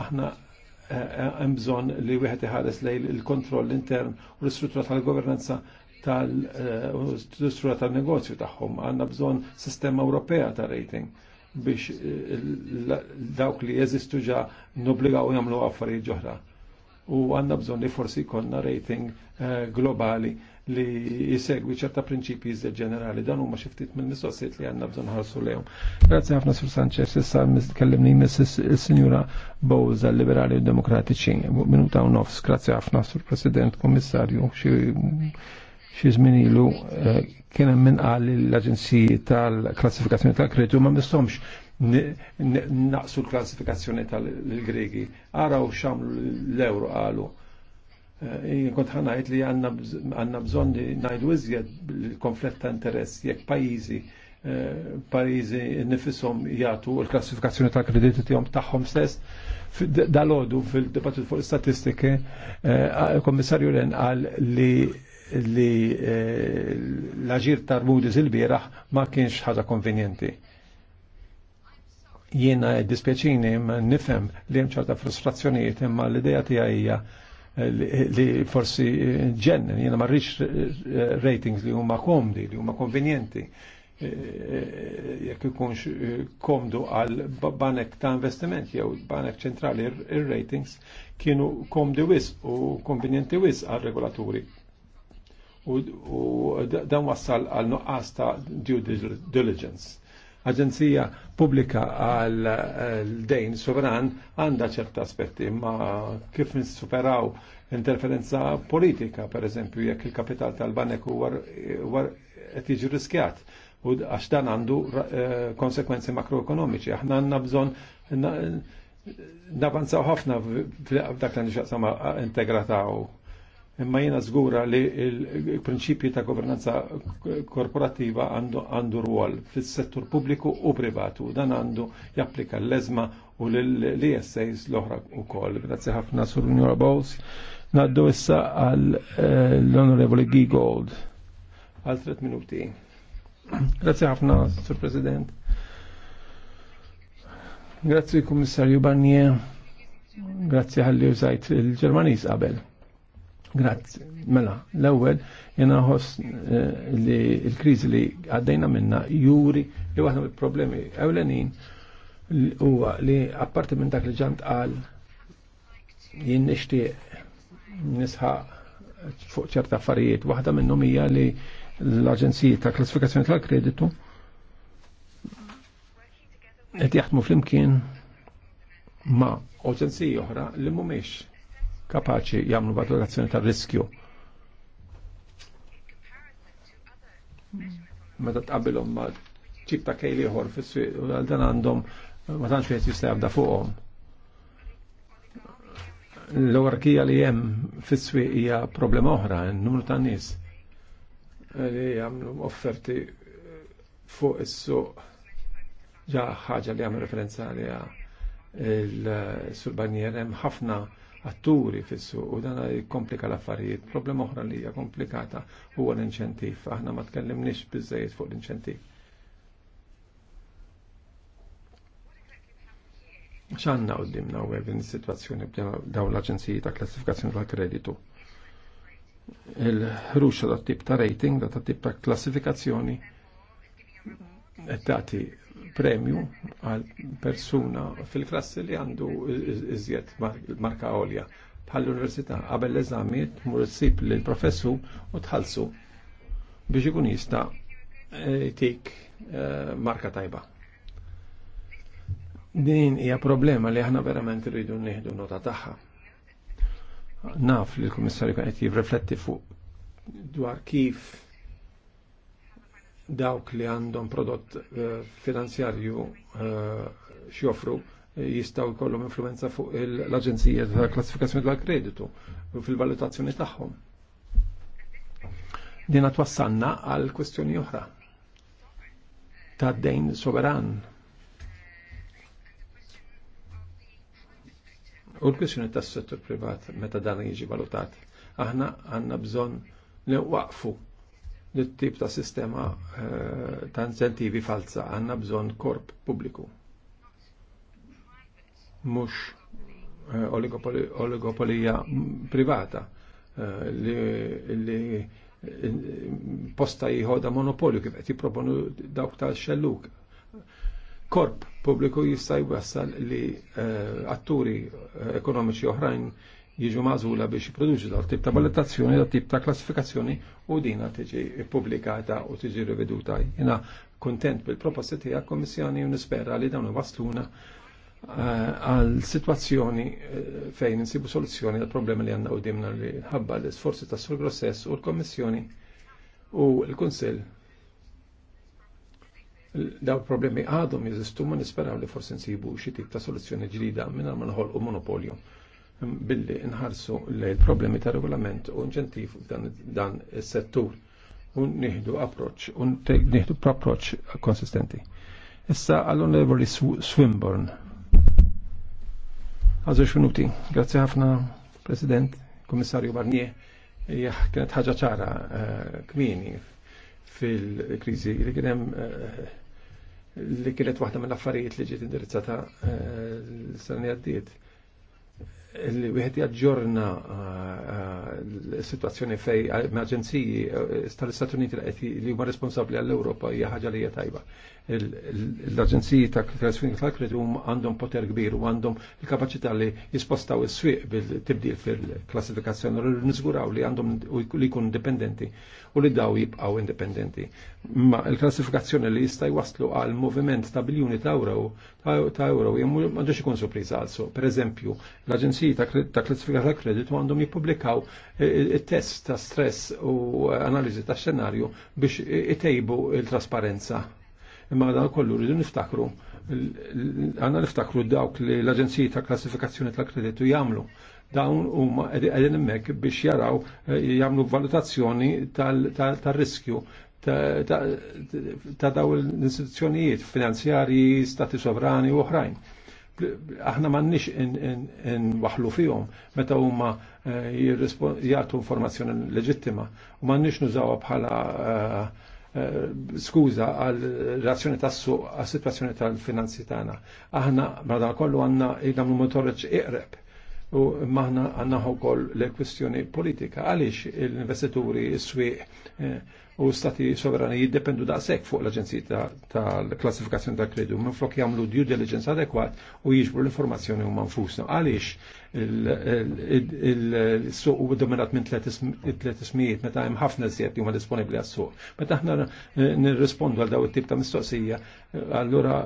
aħna eh, eh, hemm bżonn li wieħed iħares lejn il-kontroll intern u l-istruttura tal-governanza tal-struttura tal-negozju tagħhom. Għandna bżonn sistema Ewropea ta' rating biex eh, dawk li jeżistu ġa nobligaw jagħmlu affarijiet ġoħra. U għandna bżonn li forsi jkollna rating eh, globali li jisegwi ċerta prinċipji iżda ġenerali dan huma xi ftit mill-mistoqsijiet li għandna bżonn ħarsu lejhom. Grazzi ħafna Sur Sanchez, issa kellimni Mrs. sinjura Bowza Liberali u Demokratiċi. Minuta u nofs, grazzi ħafna Sur President, Kommissarju, xi xi żmien ilu eh, kien hemm min qal l-Aġenziji tal-Klassifikazzjoni tal kretu ma misthomx naqsu l-klassifikazzjoni tal-Gregi. Araw xam l-euro qalu. Eh, kont ħanajt li għanna bżon li najdu iżjed konflett ta' interess jekk pajizi eh, pajjiżi nifisom jagħtu l-klassifikazzjoni tal-krediti tiegħhom tagħhom stess dalodu fil-dibattit fuq l-istatistiki, Kommissarju Ren qal li li eh, l-aġir tarbudi moodys il ma kienx ħaġa konvenjenti. Jiena dispjaċini nifhem li hemm ċerta frustrazzjonijiet imma l-idea tiegħi hija eh, li forsi eh, ġennen, jiena ma rridx ratings li huma komdi, li huma konvenjenti jekk ikunx komdu għal banek ta' investiment jew banek ċentrali ir-ratings kienu komdi wis u konvenjenti wis għal regolaturi u dan wassal għal nuqqas ta' due diligence. Aġenzija pubblika għal dejn sovran għandha ċerta aspetti, ma kif nisuperaw interferenza politika, per eżempju, jekk il-kapital tal-banek huwa qed jiġi riskjat u għax dan għandu konsekwenzi makroekonomiċi. Aħna għandna bżonn navanzaw ħafna f'dak l-nixaqsama integrata u Imma jiena żgura li l-prinċipji ta' governanza korporattiva għandu rwol fis-settur pubbliku u privatu. Dan għandu japplika l-leżma u l-ESAs l-oħra wkoll. Grazzi ħafna sur Unjora Bows. Naddu issa għal l-Onorevoli Gold. għal tret minuti. Grazie ħafna, Sur President. Grazie Kummissarju Barnier. Grazie għalli użajt il germanis qabel. Grazzi. Mela, l-ewwel jena ħoss eh, li l-kriżi li għaddejna minna juri li waħda mill-problemi ewlenin huwa li apparti minn dak li ġant qal jien nixtieq nisħaq fuq ċerta affarijiet. Waħda minnhom hija li l-Aġenziji ta' Klassifikazzjoni tal-Kreditu qed jaħdmu flimkien ma' aġenziji oħra li mhumiex kapaċi jagħmlu valutazzjoni tar-riskju. Meta tqabbilhom ma' ċib ta' kejli ieħor fis-swieq u dan għandhom ma tantx wieħed jista' jabda fuqhom l-orkija li hemm fis fisswi hija problema oħra, n-numru ta' nies li jagħmlu offerti fuq is-suq ġa ħaġa li għam referenza li il-surbanjer hemm ħafna atturi fis-suq u dan jkomplika l-affarijiet. Problema oħra li hija komplikata huwa l-inċentiv. Aħna ma tkellimniex biżejjed fuq l-inċentiv. ċanna u dimna u għevin situazzjoni daw l-Aġenziji ta' klassifikazzjoni tal-kreditu. Il-ħruxa ta' tip ta' rating, ta' tip ta' klassifikazzjoni, tati premju għal persuna fil-klassi li għandu iżjed marka għolja bħal l-università qabel l-eżamiet mur issib lil professu u tħallsu biex ikun jista e, jtik e, marka tajba. Din hija problema li aħna verament rridu nieħdu nota tagħha. Naf li l-Kummissarju qed jirrifletti fuq dwar kif dawk li għandhom prodott eh, finanzjarju eh, xjofru eh, jistaw jkollhom influenza fuq l-Aġenzija ta' klassifikazzjoni tal-kreditu u fil-valutazzjoni tagħhom. Dina twassanna għal kwestjoni oħra ta' dejn soveran. U l-kwestjoni tas settur privat meta dan jiġi valutat. Aħna għandna bżonn li waqfu tip ta' sistema eh, ta' incentivi falsa għanna bżon korp publiku. Mux eh, oligopolija privata eh, li posta jħoda monopolju kif qed jipproponu dawk ta' xelluk. Korp pubbliku jista' jwassal li atturi ekonomiċi oħrajn jiġu mażula biex jipproduċu dal tip ta' valutazzjoni, dal tip ta' klassifikazzjoni u dina tiġi pubblikata u tiġi riveduta. Jena kontent bil-proposti tiegħek kommissjoni u nispera li dawn wasluna eh, għal situazzjoni eh, fejn insibu soluzzjoni għal problemi li għanna u dimna li ħabba l-sforzi ta' sul grossess u l-Kommissjoni u l-Konsil daw problemi għadhom jeżistu ma nisperaw li forsi nsibu xi tip ta' soluzzjoni ġdida minn ma nħolqu monopolju billi nħarsu lejn problemi ta' regolament u nġentif dan is-settur u nieħdu approċċ u nieħdu approċ konsistenti. Issa għall-Onorevoli Swinburne. Għazur xunuti, grazzi ħafna, President, Komissarju Barnier, kienet ħaġa ċara eh, kmini fil-krizi li kien hemm eh, li kienet waħda mill-affarijiet li ġiet indirizzata eh, l-sena għaddiet li wieħed jaġġorna eh, eh, situazzjoni fej aġenziji eh, eh, tal-Istati Uniti li huma responsabbli għall-Ewropa hija ħaġa li hija tajba. L-aġenziji ta' klassifika tal huma għandhom poter kbir u għandhom il-kapaċità li jispostaw is-swieq bil-tibdil fil-klassifikazzjoni u niżguraw li għandhom li jkunu indipendenti u li daw jibqgħu indipendenti. Ma l-klassifikazzjoni li jista' jwaslu għal moviment ta' biljuni ta' euro ta' euro m'għandux ikun surpriża għalsu. Per eżempju, l-aġenziji ta' klassifika tal kredit għandhom jippubblikaw test ta' stress u analiżi ta' xenarju biex itejbu il-trasparenza. Imma dan kollu rridu niftakru għanna niftakru dawk li l-Aġenziji ta' Klassifikazzjoni tal-Kreditu jagħmlu dawn huma qegħdin hemmhekk biex jaraw eh, jagħmlu valutazzjoni tal-riskju ta' daw l-istituzzjonijiet finanzjarji, stati sovrani u oħrajn. Aħna m'għandniex waħlu fihom meta huma jgħatu informazzjoni leġittima u ma nix nużawa bħala eh, eh, skuza għal reazzjoni tassu għal situazzjoni tal-finanzi tagħna. Aħna madan kollu għandna jgħamlu motorreċ iqreb u maħna għanna wkoll l-kwistjoni politika għaliex l-investituri, s-swieq eh, u stati sovrani jiddependu daqshekk fuq l-Aġenzija tal-Klassifikazzjoni ta' Kredu minn flok jagħmlu due diligence adekwat u jiġbru l-informazzjoni huma nfusna. Għaliex il-suq u dominat minn tliet meta hemm ħafna zjed huma disponibbli għas-suq. Meta nir nirrispondu għal daw it-tip ta' mistoqsija, allura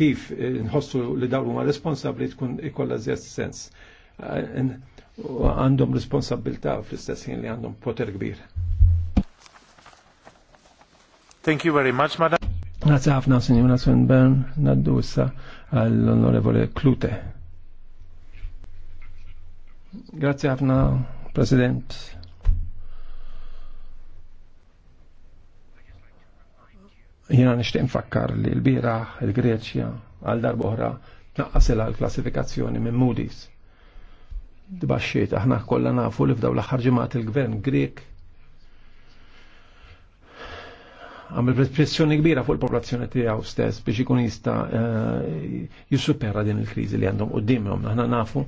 kif nħossu li dawn huma responsabbli tkun ikolla zjed sens għandhom responsabilta fl istessin li għandhom poter kbir. Thank you very much, madam. Grazie ħafna, signora Swinburn, naddu issa għall-onorevole Klute. Grazie ħafna, President. Jena nishtiq nfakkar li l-bira il-Greċja għal darboħra naqqasela l-klassifikazzjoni minn Moody's. Dibaxxiet, aħna kollha nafu li f'daw l-aħħar ġimgħat il-gvern Grek għamil pressjoni kbira fuq il-popolazzjoni tiegħu stess biex ikun jista' eh, jissupera din il-kriżi li għandhom qudiemhom. Aħna nafu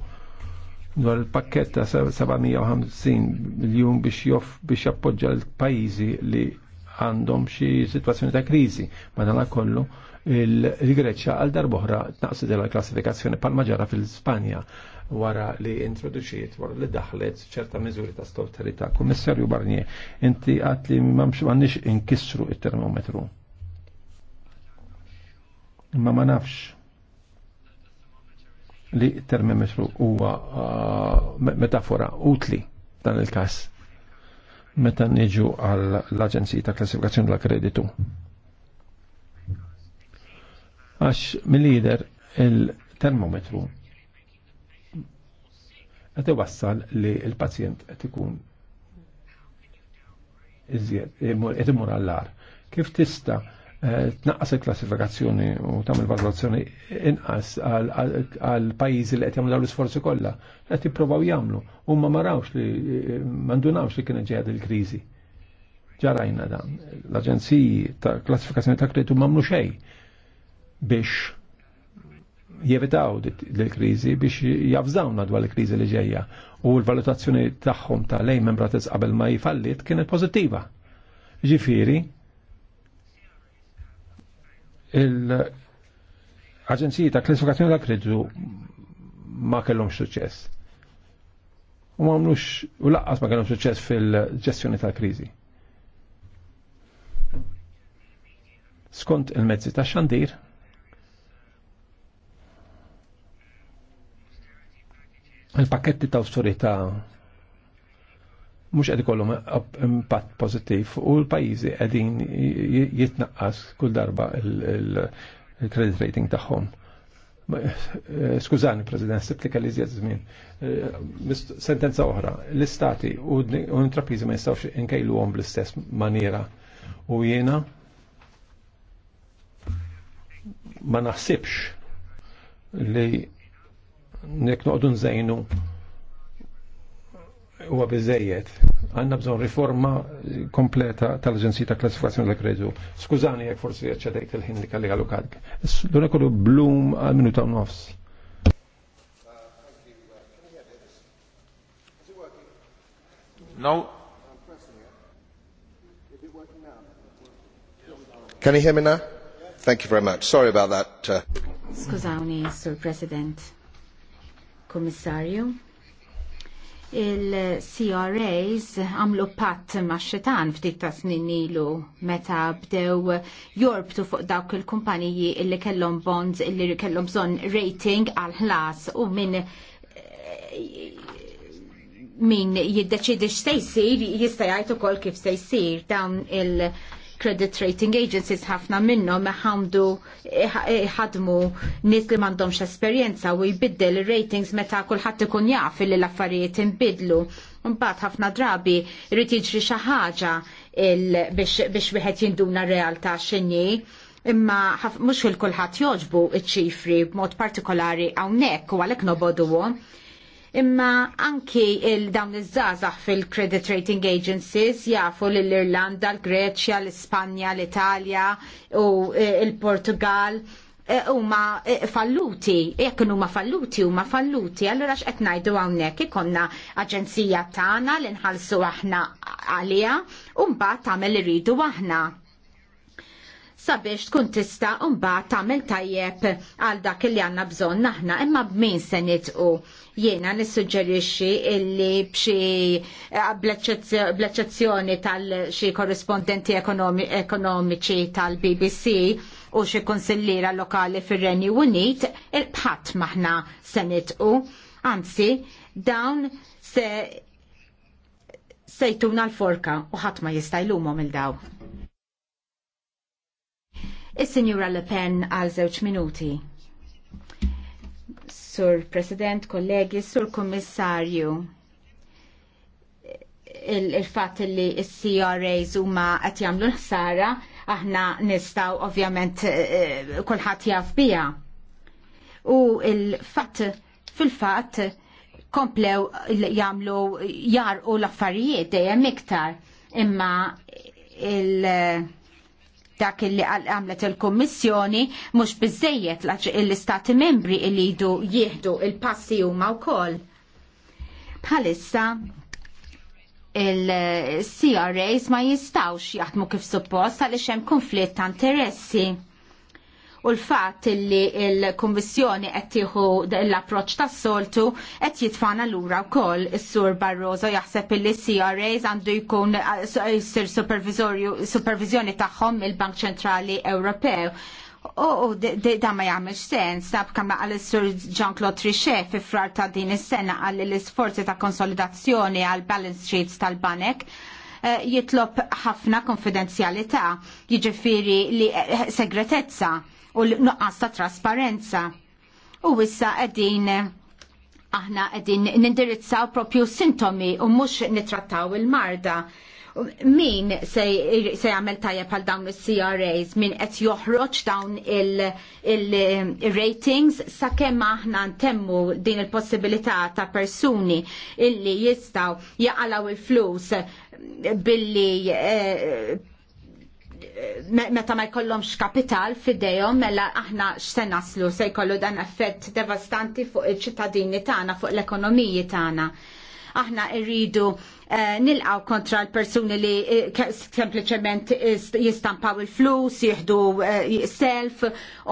dwar il-pakket ta' 750 miljun biex joff biex jappoġġa l-pajjiżi li għandhom xi situazzjoni ta' kriżi. Madana kollu il-Greċja għal darboħra tnaqsi della klassifikazzjoni palma ġara fil-Spanja wara li introduċiet, wara li daħlet ċerta miżuri ta' stauterità. Kummissarju Barnier, inti għat li m'hemmx għannix inkissru il-termometru. Imma ma nafx li termometru huwa eh, metafora utli dan il-kas meta niġu għall-Aġenzija ta' Klassifikazzjoni tal-Kreditu. Għax mill-lider il-termometru qed iwassal li l-pazjent qed ikun iżjed qed imur għall Kif tista' tnaqqas il-klassifikazzjoni u tagħmel valutazzjoni inqas għal pajjiżi li qed jagħmlu l-isforzi kollha qed jippruvaw jagħmlu huma ma rawx li m'għandunawx li kien ġejja il-kriżi. Ġarajna dan. L-Aġenziji ta' klassifikazzjoni ta' kreditu m'għamlu xejn biex jevitaw l-kriżi biex jafżaw dwar l-kriżi li ġejja u l-valutazzjoni tagħhom ta' lejn membra qabel ma jfallit kienet pożittiva. Ġifieri, il-Aġenziji ta' klassifikazzjoni ta' kreditu ma kellhomx suċċess. U ma għamlux, u laqqas ma kellhom suċċess fil-ġestjoni tal-kriżi. Skont il-mezzi ta' xandir, il-pakketti ta' austerità mux għed kollum impatt pozittiv u l-pajizi għedin jitnaqqas kull darba il-credit rating taħħom. Eh, skużani, President, sibtika li zjed zmin. Eh, sentenza oħra, l-istati u l-intraprizi ma jistawx inkejlu għom bl-istess maniera u jena ma naħsibx li nek noqdu nżejnu huwa biżejjed għanna bżon riforma kompleta tal-Aġenzija ta' Klassifikazzjoni tal-Kreditu. Skużani jekk forsi eċċedejt il-ħin li kalli għallu kadk. L-għuna kollu blum għal minuta u nofs. No. Can you hear me now? Thank you very much. Sorry about that. Uh... Scusami, Sir President. Commissario il-CRAs għamlu patt ma' xitan ftit ta' snin ilu meta bdew jorbtu fuq dawk il-kumpaniji illi kellhom bonds illi kellhom bżonn rating għal ħlas u minn eh, min jiddeċidi x'se jsir jista' jgħid ukoll kif se jsir dawn il- credit rating agencies ħafna minnhom ħamdu ħadmu nies li m'għandhomx esperjenza u jbiddel ratings meta kulħadd ikun jaf li l-affarijiet inbidlu. Mbagħad ħafna drabi jrid jiġri xi ħaġa biex wieħed jinduna realtà x'inhi imma mhux il kulħadd joġbu iċ-ċifri b'mod partikolari hawnhekk u għalhekk noboduhom imma anki il-dawn iż-żazax fil-credit rating agencies jafu l-Irlanda, l-Greċja, l-Ispanja, l-Italja u e, il-Portugal e, huma e, falluti, jekk ma falluti huma falluti, allura x'qed ngħidu hawnhekk ikonna aġenzija tagħna li nħallsu aħna għaliha u mbagħad tagħmel iridu aħna sabiex tkun tista' mbagħad tagħmel tajjeb għal dak li għandna bżonn aħna imma b'min se nitqu Jiena nissuġġerixxi illi b'xi bl-eċċezzjoni tal-xi korrispondenti ekonomiċi tal-BBC u xi konsillira lokali fir-Renju Unit il bħat maħna se nitqu. Anzi, dawn se sejtuna l-forka u ħadd ma jista' jlumhom il-daw. Is-Sinjura Le Pen għal żewġ minuti. Sur President, kollegi, Sur Kommissarju, il-fat il li il-CRAs huma qed jagħmlu l-ħsara, aħna nistaw ovvjament eh, kulħadd jaf bija. U il fat fil-fatt komplew jagħmlu jarqu l-affarijiet dejjem iktar imma il- dak illi għamlet il-Kommissjoni mhux laċ l-Istati membri illi jidu jieħdu il-passi huma wkoll. Bħalissa il-CRAs ma jistawx jaħdmu kif suppost għaliex hemm konflitt ta' interessi u l-fatt li l-Kummissjoni qed tieħu l-approċċ tas-soltu qed jitfana lura wkoll is-Sur Barroso jaħseb li CRAs għandu jkun jsir supervizjoni tagħhom il-Bank Ċentrali Ewropew. U da ma jgħamil sens, nab kam għal sur Jean-Claude Trichet fi frar ta' din is-sena għal l-isforzi ta' konsolidazzjoni għal balance sheets tal-banek eh, jitlob ħafna konfidenzjalità, jiġifieri li eh, segretezza u l-nuqqas ta' trasparenza. U issa qegħdin aħna qegħdin nindirizzaw propju sintomi u mhux nitrattaw il-marda min se jagħmel tajjeb għal dawn is-CRAs, min qed joħroġ dawn il-ratings il, sa' kemm aħna ntemmu din il-possibilità ta' persuni illi jistgħu jaqalaw il-flus billi eh, meta ma jkollhomx kapital fidejhom mela aħna x'se naslu se jkollu dan effett devastanti fuq iċ-ċittadini tagħna fuq l-ekonomiji tagħna. Aħna rridu eh, nilqgħu nilqaw kontra l-persuni li eh, sempliċement eh, jistampaw il-flus, jieħdu self,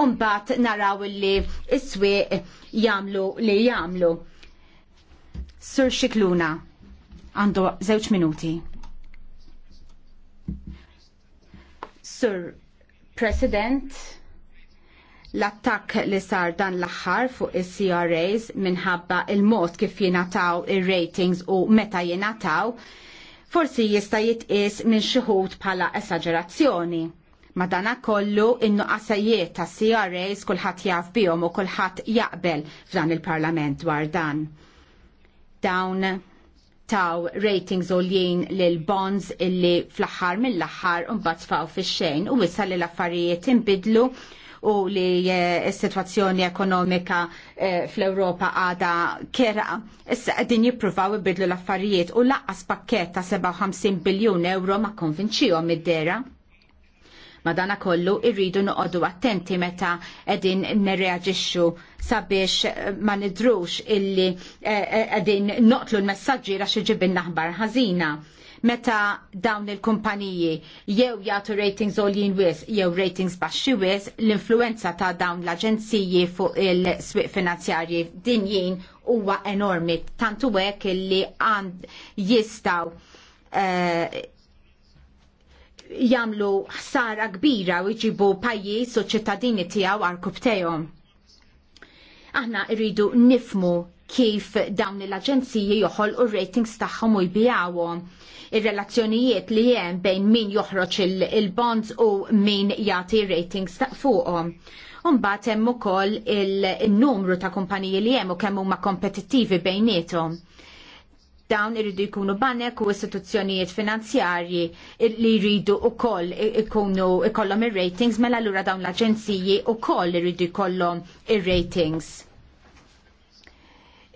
umbat naraw li s-swieq jagħmlu li jagħmlu. Sur Xikluna, għandu żewġ minuti. Sur President, l-attakk li sar dan l-axħar fuq is cras minħabba il-mod kif jenataw il-ratings u meta jenataw, forsi jista jitqis minn xuħut bħala esagerazzjoni. Madana kollu innu qasajiet ta' CRAs kulħadd jaf bihom u kulħadd jaqbel f'dan il-Parlament dwar dan. Dawn taw ratings u l-jien l-bonds illi fl-axar mill-axar un-bat tfaw fi xejn u wissa li l-affarijiet imbidlu u li eh, s-situazzjoni ekonomika eh, fl-Europa għada kera. Issa għedin jipruvaw ibidlu l-affarijiet u laqqas pakket ta' 57 biljun euro ma' konvinċijom id-dera. Madana kollu irridu noqogħdu attenti meta qegħdin nirreaġixxu sabiex eh, ma nidrux illi eh, eh, qegħdin noqtlu l-messaġġi għax iġibin naħbar ħażina meta dawn il-kumpaniji jew jagħtu ratings jien wis jew ratings baxxi wis l-influenza ta' dawn l-aġenziji fuq il-swieq finanzjarji dinjin huwa enormi tantu hekk illi għand jistgħu uh, jagħmlu ħsara kbira u jġibu pajjiż u ċittadini tiegħu għal Aħna rridu nifmu kif dawn l-aġenziji joħolqu r ratings tagħhom u jbijawhom. Ir-relazzjonijiet li hemm bejn min joħroġ il-bonds u min jagħti ratings ta' fuqhom. Umbagħad hemm ukoll il-numru ta' kumpaniji li hemm u kemm huma kompetittivi bejniethom dawn iridu jkunu banek u istituzzjonijiet finanzjarji li jridu u koll ikunu ikollom ir ratings mela l dawn l-aġenziji u koll iridu jkollhom ir ratings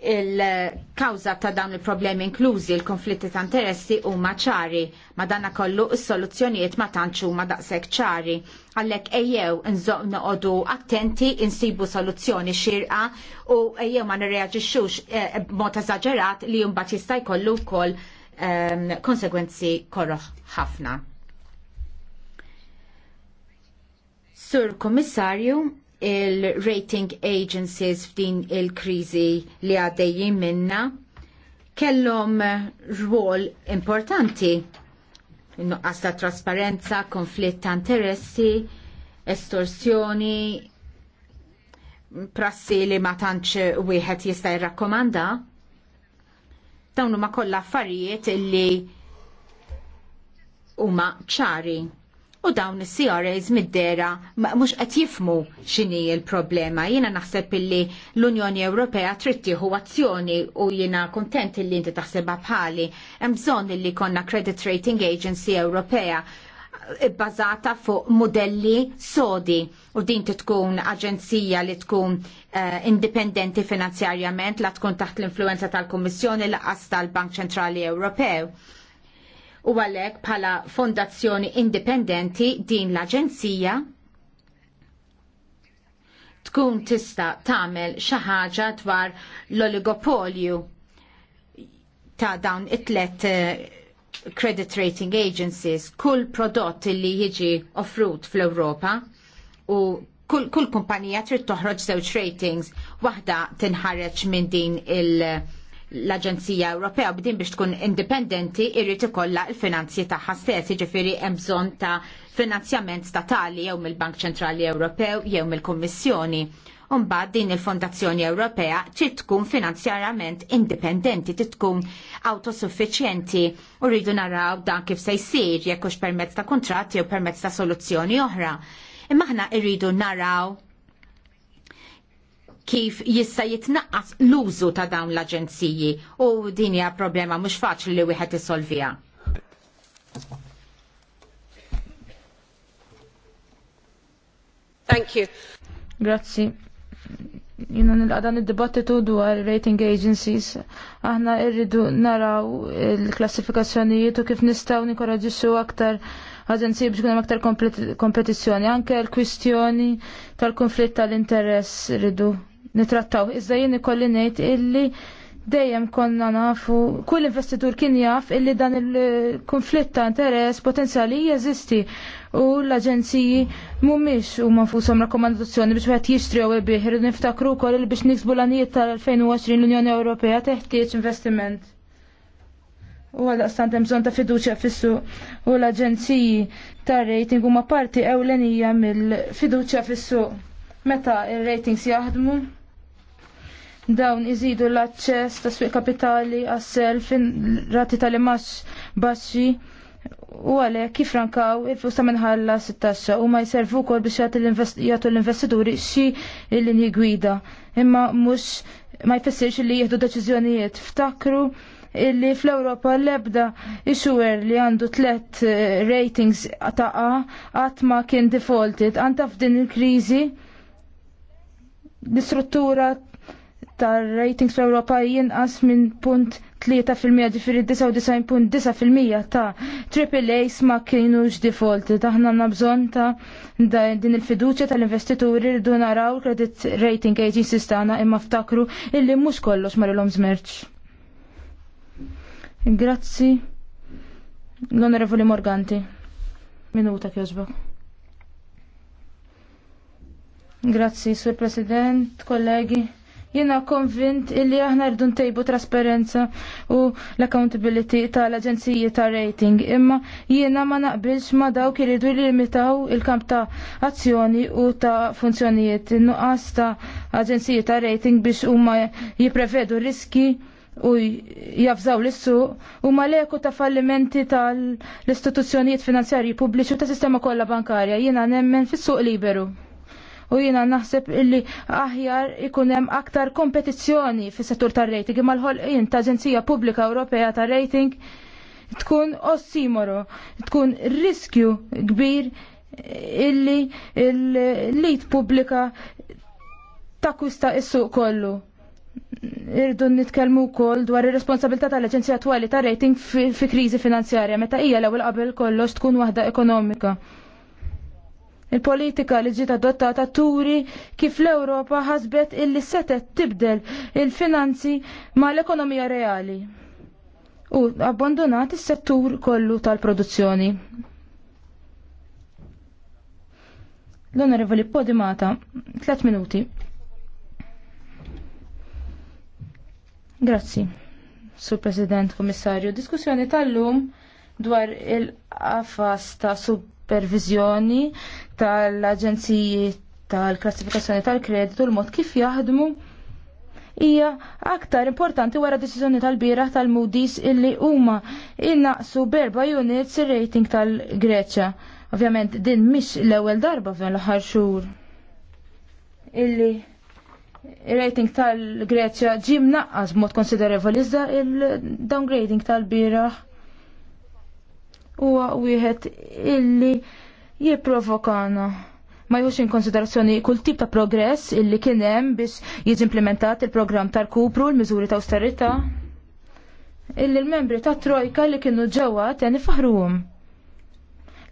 il-kawza ta' dawn il-problemi inklużi il-konflitti ta' interessi u ċari, ma danna kollu il-soluzzjonijiet ma tanċu ma daqsek ċari. Għallek ejjew noqodu attenti, insibu soluzzjoni xirqa u ejjew ma nirreagġixxux eh, b'mod eżaġerat li jumbat jista' jkollu wkoll ehm, konsegwenzi korroħ ħafna. Sur Komissarju, il-rating agencies f'din il-krizi li għaddejjin minna kellhom rwol importanti nuqqas ta' trasparenza, konflitt ta' interessi, estorsjoni, prassi li ma tantx wieħed jista' jirrakkomanda. Dawn huma kollha affarijiet li huma ċari u dawn is-CRAs mid-dera mhux qed jifmu x'inhi l-problema. Jiena naħseb illi l-Unjoni Ewropea trid tieħu azzjoni u jiena kuntent illi inti taħsebha bħali. Hemm bżonn illi konna Credit Rating Agency Ewropea eh, bbażata fuq modelli sodi u din tkun aġenzija li tkun uh, indipendenti finanzjarjament la tkun taħt l-influenza tal-Kummissjoni laqas tal-Bank Ċentrali Ewropew u għalhekk bħala fondazzjoni indipendenti din l-aġenzija tkun tista tagħmel xi ħaġa dwar l-oligopolju ta' dawn it-tlet eh, credit rating agencies, kull prodott li jiġi offrut fl-Ewropa u kull, kull kumpanija trid toħroġ żewġ ratings waħda tinħareġ minn din il- l-Aġenzija Ewropea bdin biex tkun indipendenti irrid ikollha l-finanzji tagħha stess, jiġifieri hemm bżonn ta' finanzjament statali jew mill-Bank Ċentrali Ewropew jew mill-Kummissjoni. Umbagħad din il-Fondazzjoni Ewropea trid tkun finanzjarament indipendenti, trid tkun autosuffiċjenti u rridu naraw dan kif se jsir jekk hux permezz ta' kuntratt jew permezz ta' soluzzjoni oħra. Imma aħna rridu naraw kif jista' jitnaqqas l-użu ta' dawn l-aġenziji u din hija problema mhux faċli li wieħed isolvija. Thank you. Grazzi. Jina nil-qadan id-dibattitu dwar rating agencies. Aħna irridu naraw il-klassifikazzjonijiet u kif nistaw su aktar għazenzi biex kunem aktar kompetizzjoni. Anke l-kwistjoni tal-konflitt tal-interess irridu nitrattaw. Iżda jien ikolli ngħid illi dejjem konna nafu, kull investitur kien jaf illi dan il-konflitt ta' interess potenzjali jeżisti u l-aġenziji mhumiex huma nfushom rakkomandazzjoni biex wieħed jixtri jew ibih irid niftakru wkoll biex niksbu l-anijiet tal-2020 l-Unjoni Ewropea teħtieġ investiment. U għal-daqstant hemm bżonn ta' fiduċja fissu u l-aġenziji tar-rating huma parti ewlenija mill-fiduċja fissu meta ir-ratings jaħdmu dawn iżidu l-aċċess ta' swieq kapitali għas-self rati tal-imax baxxi u għalhekk kif rankaw il fusta minnħalla minħalla 16 u ma jservu wkoll biex jagħtu l-investituri xi linji gwida. Imma mhux ma jfissirx li jieħdu deċiżjonijiet ftakru illi fl-Europa l-ebda ixuwer li għandu tlet eh, ratings ta' A għatma ma kien defaulted. Għanta f'din il-krizi l-istruttura tar-ratings fl-Ewropa jinqas minn punt 3% ġifiri 99.9% ta' AAA ma kienux default. Taħna nabżon ta' din il-fiduċa tal-investituri rridu naraw credit rating agencies tagħna imma ftakru illi mhux kollox marilhom żmerġ. Grazzi. L-Onorevoli Morganti. Minuta kjożbok. Grazzi, Sur President, kollegi. Jiena konvint illi aħna rridu ntejbu trasparenza u l-accountability tal-aġenziji ta' rating, imma jiena ma naqbilx ma dawk iridu jlimitaw limitaw il-kamp ta' azzjoni u ta' funzjonijiet, nuqqas ta' aġenziji ta' rating biex huma jiprevedu riski u jafżaw l-issu u maleku ta' fallimenti tal-istituzzjonijiet finanzjarji pubbliċi u ta' sistema kollha bankarja jiena nemmen fis-suq liberu u jiena naħseb illi aħjar ikun hemm aktar kompetizzjoni fis-settur tar-rating imma l-ħolqien ta' Aġenzija Pubblika Ewropea tar-rating tkun ossimoro, tkun riskju kbir illi l-lit pubblika takwista is-suq kollu irdu nitkellmu wkoll dwar ir-responsabilità tal-Aġenzija Twali ta' rating fi, fi kriżi finanzjarja meta hija l-ewwel qabel kollox tkun waħda ekonomika. Il-politika li ġiet adottata turi kif l-Ewropa ħasbet illi setet tibdel il-finanzi ma l-ekonomija reali u abbandonat is-settur kollu tal-produzzjoni. L-Onorevoli Podimata, 3 minuti. Grazzi, Sur President, Komissarju. Diskussjoni tal-lum dwar il-qafas ta' sub supervizjoni tal-aġenziji tal-klassifikazzjoni tal-kreditu l-mod kif jaħdmu hija aktar importanti wara deċiżjoni tal-bira tal-Moody's illi huma innaqsu berba units ir-rating tal-Greċja. Ovvjament din mhix l-ewwel darba f'dan l-aħħar xhur. Illi rating tal-Greċja ġim naqqas b'mod konsiderevoli iżda il-downgrading tal-biraħ huwa wieħed illi jipprovokana ma jħux in konsiderazzjoni kull tip ta' progress illi kien hemm biex jiġimplementat il-programm tal-kupru l-miżuri ta' austerità illi l-membri ta' trojka li kienu ġewwa ten ifaħruhom.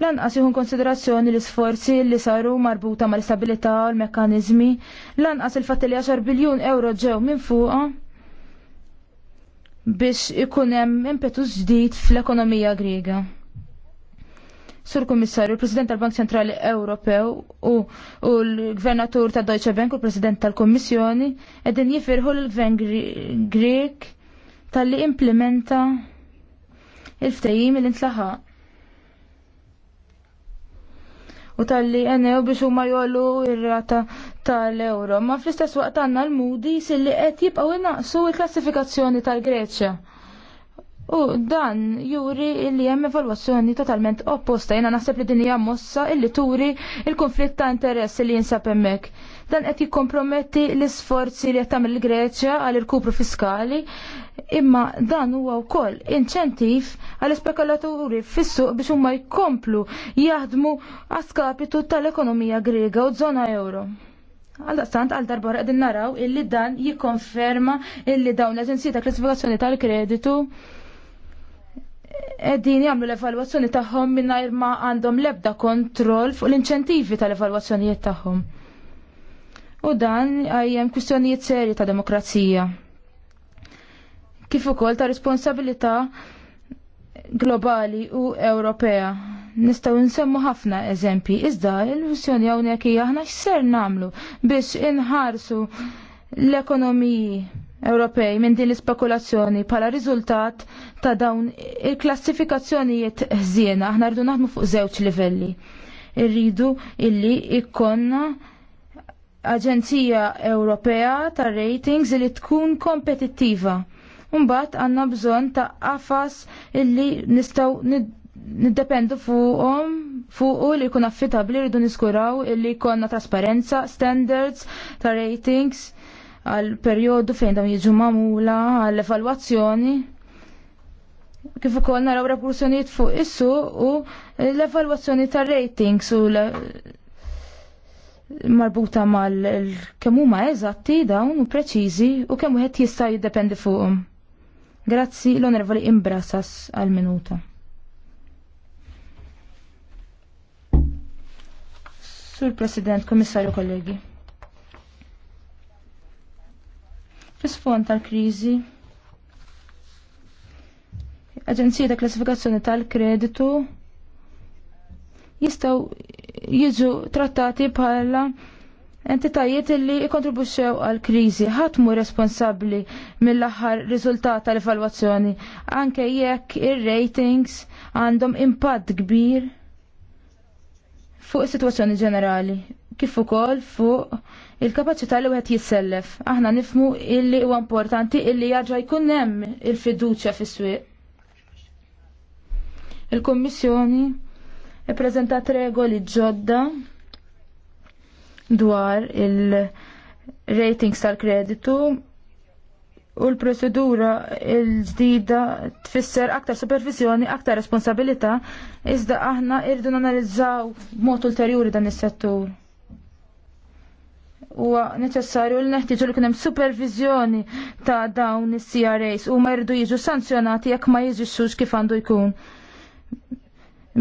Lanqas jieħu konsiderazzjoni l-isforzi li saru marbuta mal-istabilità u l-mekkaniżmi, lanqas il-fatt li 10 biljun euro ġew minn fuqha biex ikun hemm impetus ġdid fl-ekonomija Griega. Sur Kummissarju, il-President tal-Bank Centrali Ewropew u, u l-Gvernatur ta' Deutsche Bank u president tal-Kommissjoni edin jifirħu l-Gvern Grek tal-li implementa il ftajim il-intlaħa. U tal-li enew biex huma jollu ir-rata tal-euro. Ma fl-istess waqt għandna l mudi illi qed jibqgħu naqsu l-klassifikazzjoni tal-Greċja. U dan juri li hemm evalwazzjoni totalment opposta jiena naħseb li din hija mossa illi turi il-konflitt ta' interess li jinsab hemmhekk. Dan qed jikkomprometti l-isforzi li qed tagħmel il-Greċja għal irkupru fiskali, imma dan huwa wkoll inċentiv għal spekulaturi fis-suq biex huma jkomplu jaħdmu għaskapitu tal-ekonomija Griega u żona euro. Għal-daqstant għal darba għedin naraw illi dan jikkonferma illi dawn l-Aġenzija ta' Klassifikazzjoni tal-Kreditu Eddin jamlu l-evalwazzjoni tagħhom mingħajr ma għandhom lebda kontroll fuq l-inċentivi tal-evalwazzjonijiet tagħhom. U dan għajjem kwistjonijiet serji ta' demokrazija. Kif ukoll ta' responsabilità globali u Ewropea. Nistgħu nsemmu ħafna eżempji, iżda l-kwistjoni hawnhekk hija aħna x'ser nagħmlu biex inħarsu l-ekonomiji Ewropej minn din l-ispekulazzjoni bħala riżultat ta' dawn il-klassifikazzjonijiet ħżiena aħna rridu naħdmu fuq żewġ livelli. Irridu illi ikkonna Aġenzija Ewropea tar ratings li tkun kompetittiva. Umbat għanna bżon ta' qafas illi nistaw niddependu fuqhom fuqu li jkun affitabli rridu niskuraw illi konna trasparenza, standards ta' ratings għal perjodu fejn dawn jiġu magħmula għall evalwazzjoni kif ukoll naraw repursjonijiet fuq issu u l-evalwazzjoni tar-ratings u marbuta mal kemm huma eżatti dawn u preċiżi u kemm wieħed jista' jiddependi fuqhom. Grazzi l-onorevoli Imbrasas għal minuta. Sur President, Komissarju, kollegi. Fis-fond tal-kriżi, Aġenzija ta' klassifikazzjoni tal-kreditu jistaw jiġu trattati bħala entitajiet li jikontribuxxew għal kriżi ħatmu responsabbli mill-aħħar riżultat tal-evalwazzjoni anke jekk ir-ratings għandhom impatt kbir fuq is-sitwazzjoni ġenerali kif ukoll fuq il-kapacità li wieħed jissellef. Aħna nifmu illi huwa importanti illi jarġa' jkun hemm il-fiduċja fis-swieq. Il-Kummissjoni ippreżentat regoli ġodda dwar il-ratings tal-kreditu u l-prosedura l-ġdida tfisser aktar supervizjoni, aktar responsabilità, iżda aħna irdu nanalizzaw b'mod ulterjuri dan is-settur huwa neċessarju li neħtieġu li kien hemm supervizjoni ta' dawn is-CRAs u ma jridu jiġu sanzjonati jekk ma jiġixxux kif għandu jkun.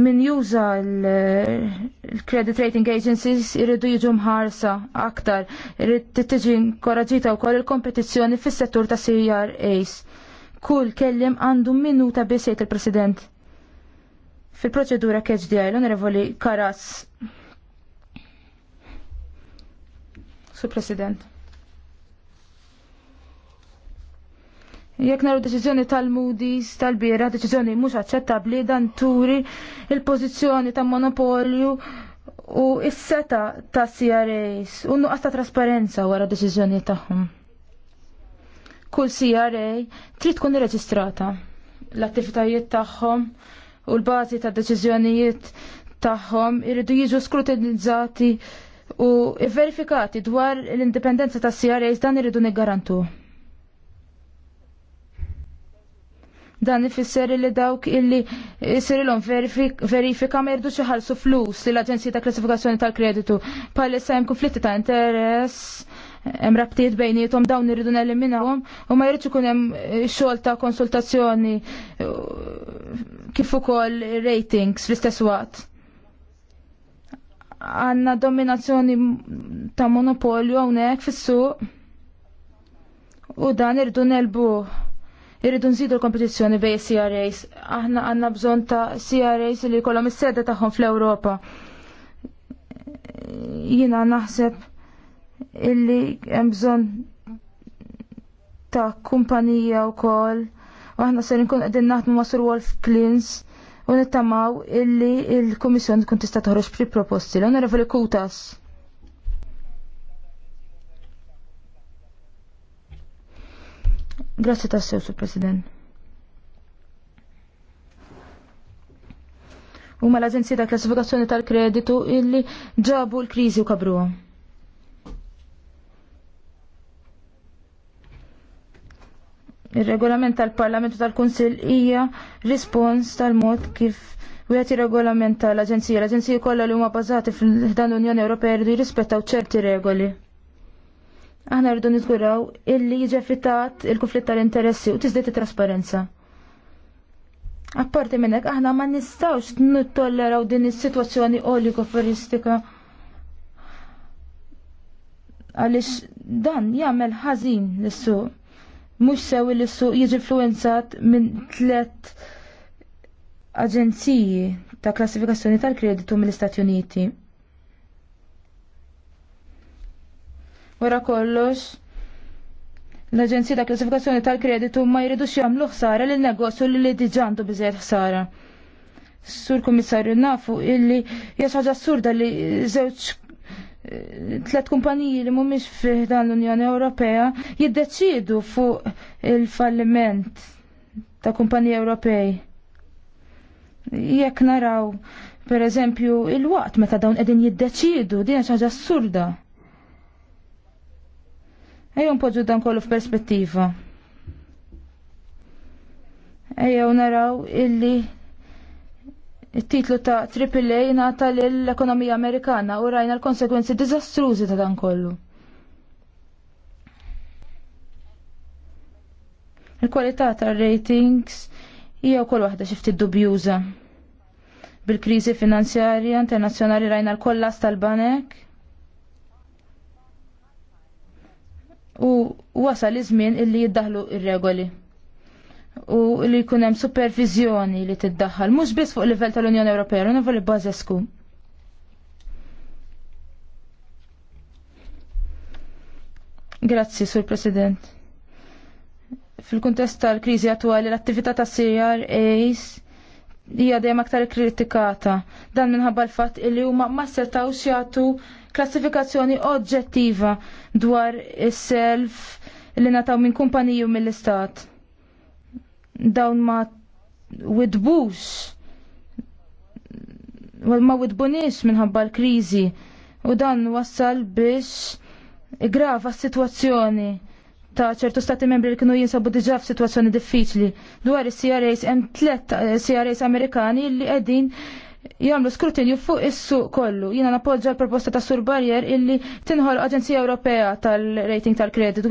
Min juża l-credit rating agencies irridu jiġu mħarsa aktar, irrid tiġi u wkoll il-kompetizzjoni fis-settur ta' CRAs. Kull kellim għandu minuta biss il-President. Fil-proċedura KHDI l-Onorevoli Karas Sur President. Jekk naru deċiżjoni tal-Moody's tal-bira, deċiżjoni mhux aċċettabbli dan turi il-pożizzjoni ta' monopolju u s-seta ta' CRAs u nuqqas ta' trasparenza wara deċizjoni tagħhom. Kull CRA trid tkun irreġistrata l-attivitajiet tagħhom u l-bażi ta' deċiżjonijiet tagħhom irridu jiġu skrutinizzati u verifikati dwar l-indipendenza tas CRAs dan irridu niggarantu. Dan ifisser li dawk illi l-om verifika ma jirdu iħallsu flus l aġenzija ta' Klassifikazzjoni tal-Kreditu. Palissa hemm konflitti ta' interess, hemm rabtiet bejnietom dawn irridu neliminawhom u ma jridx ikun hemm eh, xogħol ta' konsultazzjoni eh, kif ukoll ratings fl-istess waqt għanna dominazzjoni ta' monopolju hawnhekk fis-suq u dan irdu nelbu irridu nżidu l-kompetizzjoni bej CRAs. Aħna għanna bżon ta' CRAs li kolom is-sede tagħhom fl-Ewropa. Jina naħseb illi hemm bżonn ta' kumpanija wkoll. Aħna ser nkun qegħdin naħdmu ma' Sir Wolf Klins u nittamaw illi il-Komissjoni tkun tista' toħroġ pri proposti. L-Onorevoli Kutas. Grazie sew, Sur President. huma l-Aġenzija ta' Klassifikazzjoni tal-Kreditu illi ġabu l-kriżi u kabruhom. Ir-regolament tal-Parlament u tal-Kunsill hija rispons tal-mod kif wieħed jirregolamenta l-Aġenzija. l aġenzija kollha li huma bazati fil-ħdan l-Unjoni Ewropea jridu jirrispettaw ċerti regoli. Aħna rridu niżguraw illi jiġi fitat il-konflitt tal-interessi u tiżdiet it-trasparenza. Apparti minnek, aħna ma nistawx nittolleraw din is-sitwazzjoni oligoforistika għaliex dan jagħmel ħażin l suq mhux sew li suq jiġi influenzat minn tliet aġenziji ta' klassifikazzjoni tal-kreditu mill-Istati Uniti. Wara kollox, l-Aġenzija ta' Klassifikazzjoni tal-Kreditu ma jridux jagħmlu ħsara lil negozju li li diġà għandu biżejjed ħsara. Sur Kummissarju nafu illi hija xi ħaġa assurda li żewġ tlet kumpaniji li mhumiex fih dan l-Unjoni Ewropea jiddeċiedu fuq il-falliment ta' kumpaniji Ewropej. Jekk naraw, per eżempju, il-waqt meta dawn qegħdin jiddeċidu, din xi ħaġa assurda. Ejja npoġġu dan kollu f'perspettiva. Ejja naraw illi it-titlu ta' AAA jingħata lill-ekonomija Amerikana u rajna l-konsekwenzi diżastrużi ta' dan kollu. Il-kwalità tar-ratings hija wkoll waħda xi ftit dubjuża. Bil-kriżi finanzjarja internazzjonali rajna l-kollas tal-banek. U wasal iż-żmien illi jiddaħlu ir-regoli. Il u li jkun hemm supervizjoni li tiddaħħal mhux biss fuq livell tal-Unjoni Ewropea, u li bażesku. Grazzi, Sur President. Fil-kuntest tal-kriżi attwali l-attività tas CRAs hija dejjem aktar kritikata dan minħabba l-fatt li huma ma setgħu jagħtu klassifikazzjoni oġġettiva dwar is-self li nataw minn kumpaniju mill-istat dawn ma widbux ma widbunix minħabba l-krizi u dan wassal biex grava s-situazzjoni ta' ċertu stati membri li kienu jinsabu diġa f'sitwazzjoni diffiċli. Dwar is-CRAs hemm tliet eh, CRAs Amerikani li qegħdin Jamlu skrutinju fuq is-suq kollu. Jiena napoġġa l-proposta ta' Sur Barrier illi tinħol Aġenzija Ewropea tal-rating tal-kredit.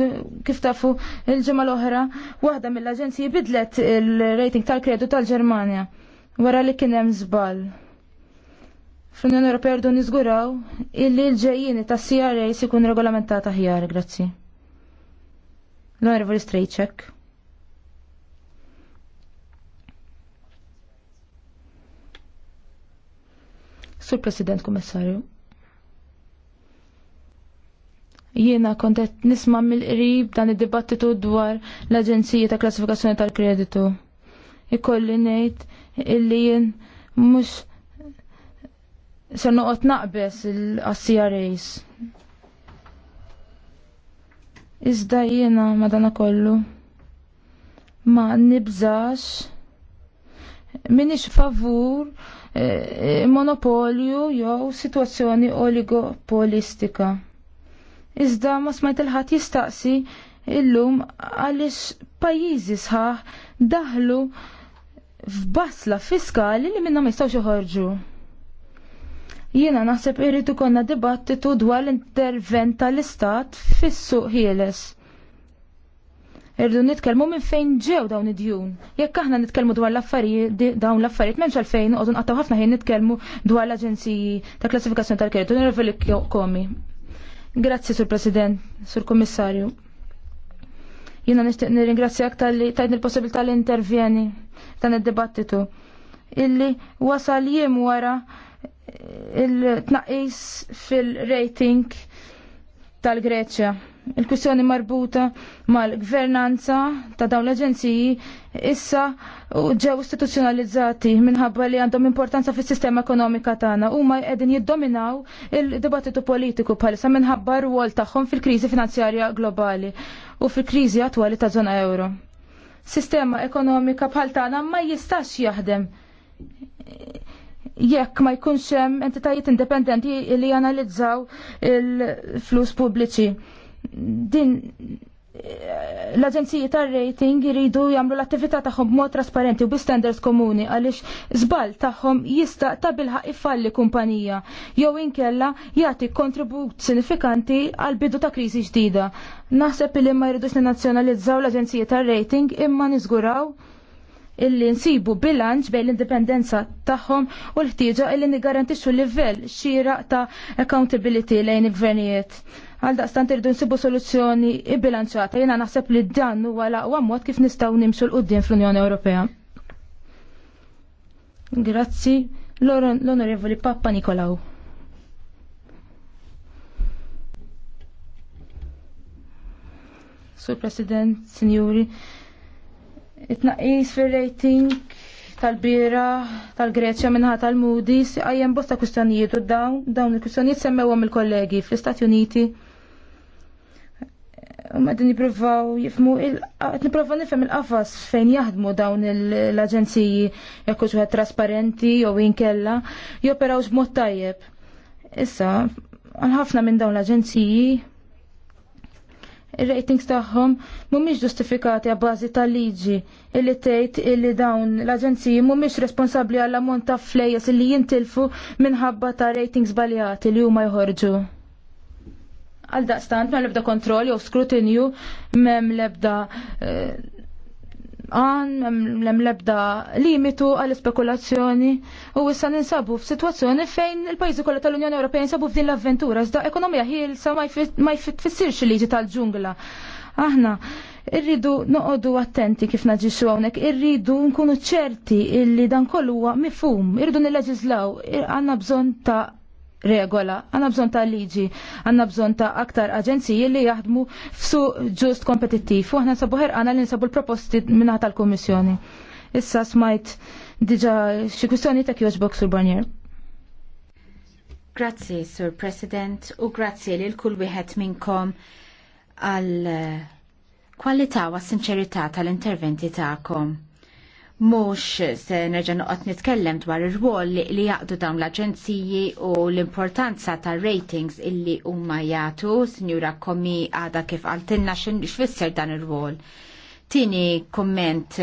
Kif tafu il-ġimgħa l-oħra, waħda mill aġenzija bidlet il-rating tal-kredit tal-Ġermanja wara li kien hemm żball. Fl-Unjoni Ewropea rdu niżguraw illi l-ġejjieni tas-CRA sikun regolamentata ħjar, grazzi. L-onorevoli Strejček. Sur President Kummissarju. Jiena kontet nisma' mill-qrib dan id-dibattitu dwar l-Aġenzija ta' Klassifikazzjoni tal-Kreditu. Ikolli ngħid illi jien mhux se noqgħod naqbes il-CRAs. Iżda jiena madana kollu ma nibżax minix favur eh, eh, monopolju jew situazzjoni oligopolistika. Iżda ma smajt il-ħat jistaqsi illum għaliex pajjiżi sħaħ daħlu f'basla fiskali li minna ma jistgħux joħorġu. Jiena naħseb irritu konna dibattitu dwar l-intervent tal-istat fis-suq ħieles. Rridu nitkellmu minn fejn ġew dawn id-djun. Jekk aħna nitkellmu dwar l-affarijiet dawn l-affarijiet m'hemmx għalfejn qogħdu nqattaw ħafna ħin nitkellmu dwar l-Aġenziji ta' Klassifikazzjoni tal-Kreditu nirreveli komi. Grazzi sur President, sur Kommissarju. Jiena nixtieq nirringrazzjak tal-li tajt il-possibilità li intervjeni dan id-dibattitu. Illi wasal jiem wara eh, il-tnaqis fil-rating tal-Greċja il-kwistjoni marbuta mal-gvernanza ta' dawn l-aġenziji issa ġew istituzzjonalizzati minħabba li għandhom importanza fis sistema ekonomika tagħna huma qegħdin jiddominaw il-dibattitu politiku bħalissa minħabba rwol tagħhom fil-kriżi finanzjarja globali u fil-kriżi attwali ta' żona euro. Sistema ekonomika bħal tagħna ma jistax jaħdem jekk ma jkunx hemm entitajiet indipendenti li janalizzaw il-flus pubbliċi din l-aġenziji tar-rating jiridu jagħmlu l-attività tagħhom b'mod trasparenti u bi standards komuni għaliex żball tagħhom jista' ta' bilħaq ifalli kumpanija jew inkella jagħti kontribut sinifikanti għal bidu ta' kriżi ġdida. Naħseb li ma jridux ninazzjonalizzaw l-aġenziji tar-rating imma niżguraw illi nsibu bilanċ bejn l-indipendenza tagħhom u l-ħtieġa illi nigarantixxu livell xira ta' accountability lejn il-gvernijiet. Għal daqstant irridu nsibu soluzzjoni ibbilanċata jiena naħseb li dan huwa l-aqwa mod kif nistgħu nimxu l-qudiem fl-Unjoni Ewropea. Grazzi l-Onorevoli Papa Nikolaw. Sur President, Sinjuri, it-naqis fil-rating tal-bira, tal-Greċja minnħa tal-Moody's, għajjem bosta kustanijiet u dawn, dawn il-kustanijiet semmewhom il-kollegi fl-Istati Uniti. U madin niprofaw jifmu niprofaw nifhem il-qafas fejn jaħdmu dawn l-aġenziji jekk wieħed trasparenti jew jinkella joperaw b'mod tajjeb. Issa, għal ħafna minn dawn l-aġenziji ir-ratings tagħhom mhumiex ġustifikati għabbażi tal-liġi illi tgħid illi dawn l-aġenziji mhumiex responsabbli għall ammont ta' flejjes illi jintilfu minħabba ta' ratings baljati li huma jħorġu għal daqstant ma lebda kontroll jew skrutinju mem lebda eh, għan mem lebda limitu għal spekulazzjoni u issa ninsabu f'sitwazzjoni fejn il pajzi kollha tal-Unjoni Ewropea jinsabu f'din l-avventura zda ekonomija ħilsa ma jfissirx liġi tal-ġungla. Aħna irridu noqodu attenti kif naġixxu hawnhekk, irridu nkunu ċerti illi dan kollu huwa mifhum, irridu nilleġislaw, għandna bżonn ta' regola, għanna bżon ta' liġi, għanna bżon ta' aktar aġenziji li jaħdmu f'su ġust kompetittiv u għanna sabu ħerqana li nsabu l-proposti minna tal-Komissjoni. Issa smajt diġa xie kustjoni ta' kjoġbok sur Barnier. Grazzi, Sur President, u grazzi li l-kull wieħed minnkom għal eh, kwalità u sinċerità tal-interventi ta'kom. Mux se nerġa' noqgħod nitkellem dwar ir-rwol li, li jaqdu dawn l-aġenziji u l-importanza tar ratings illi huma jagħtu, Sinjura Komi għada kif għaltinna x'fisser dan ir-rwol. Tini komment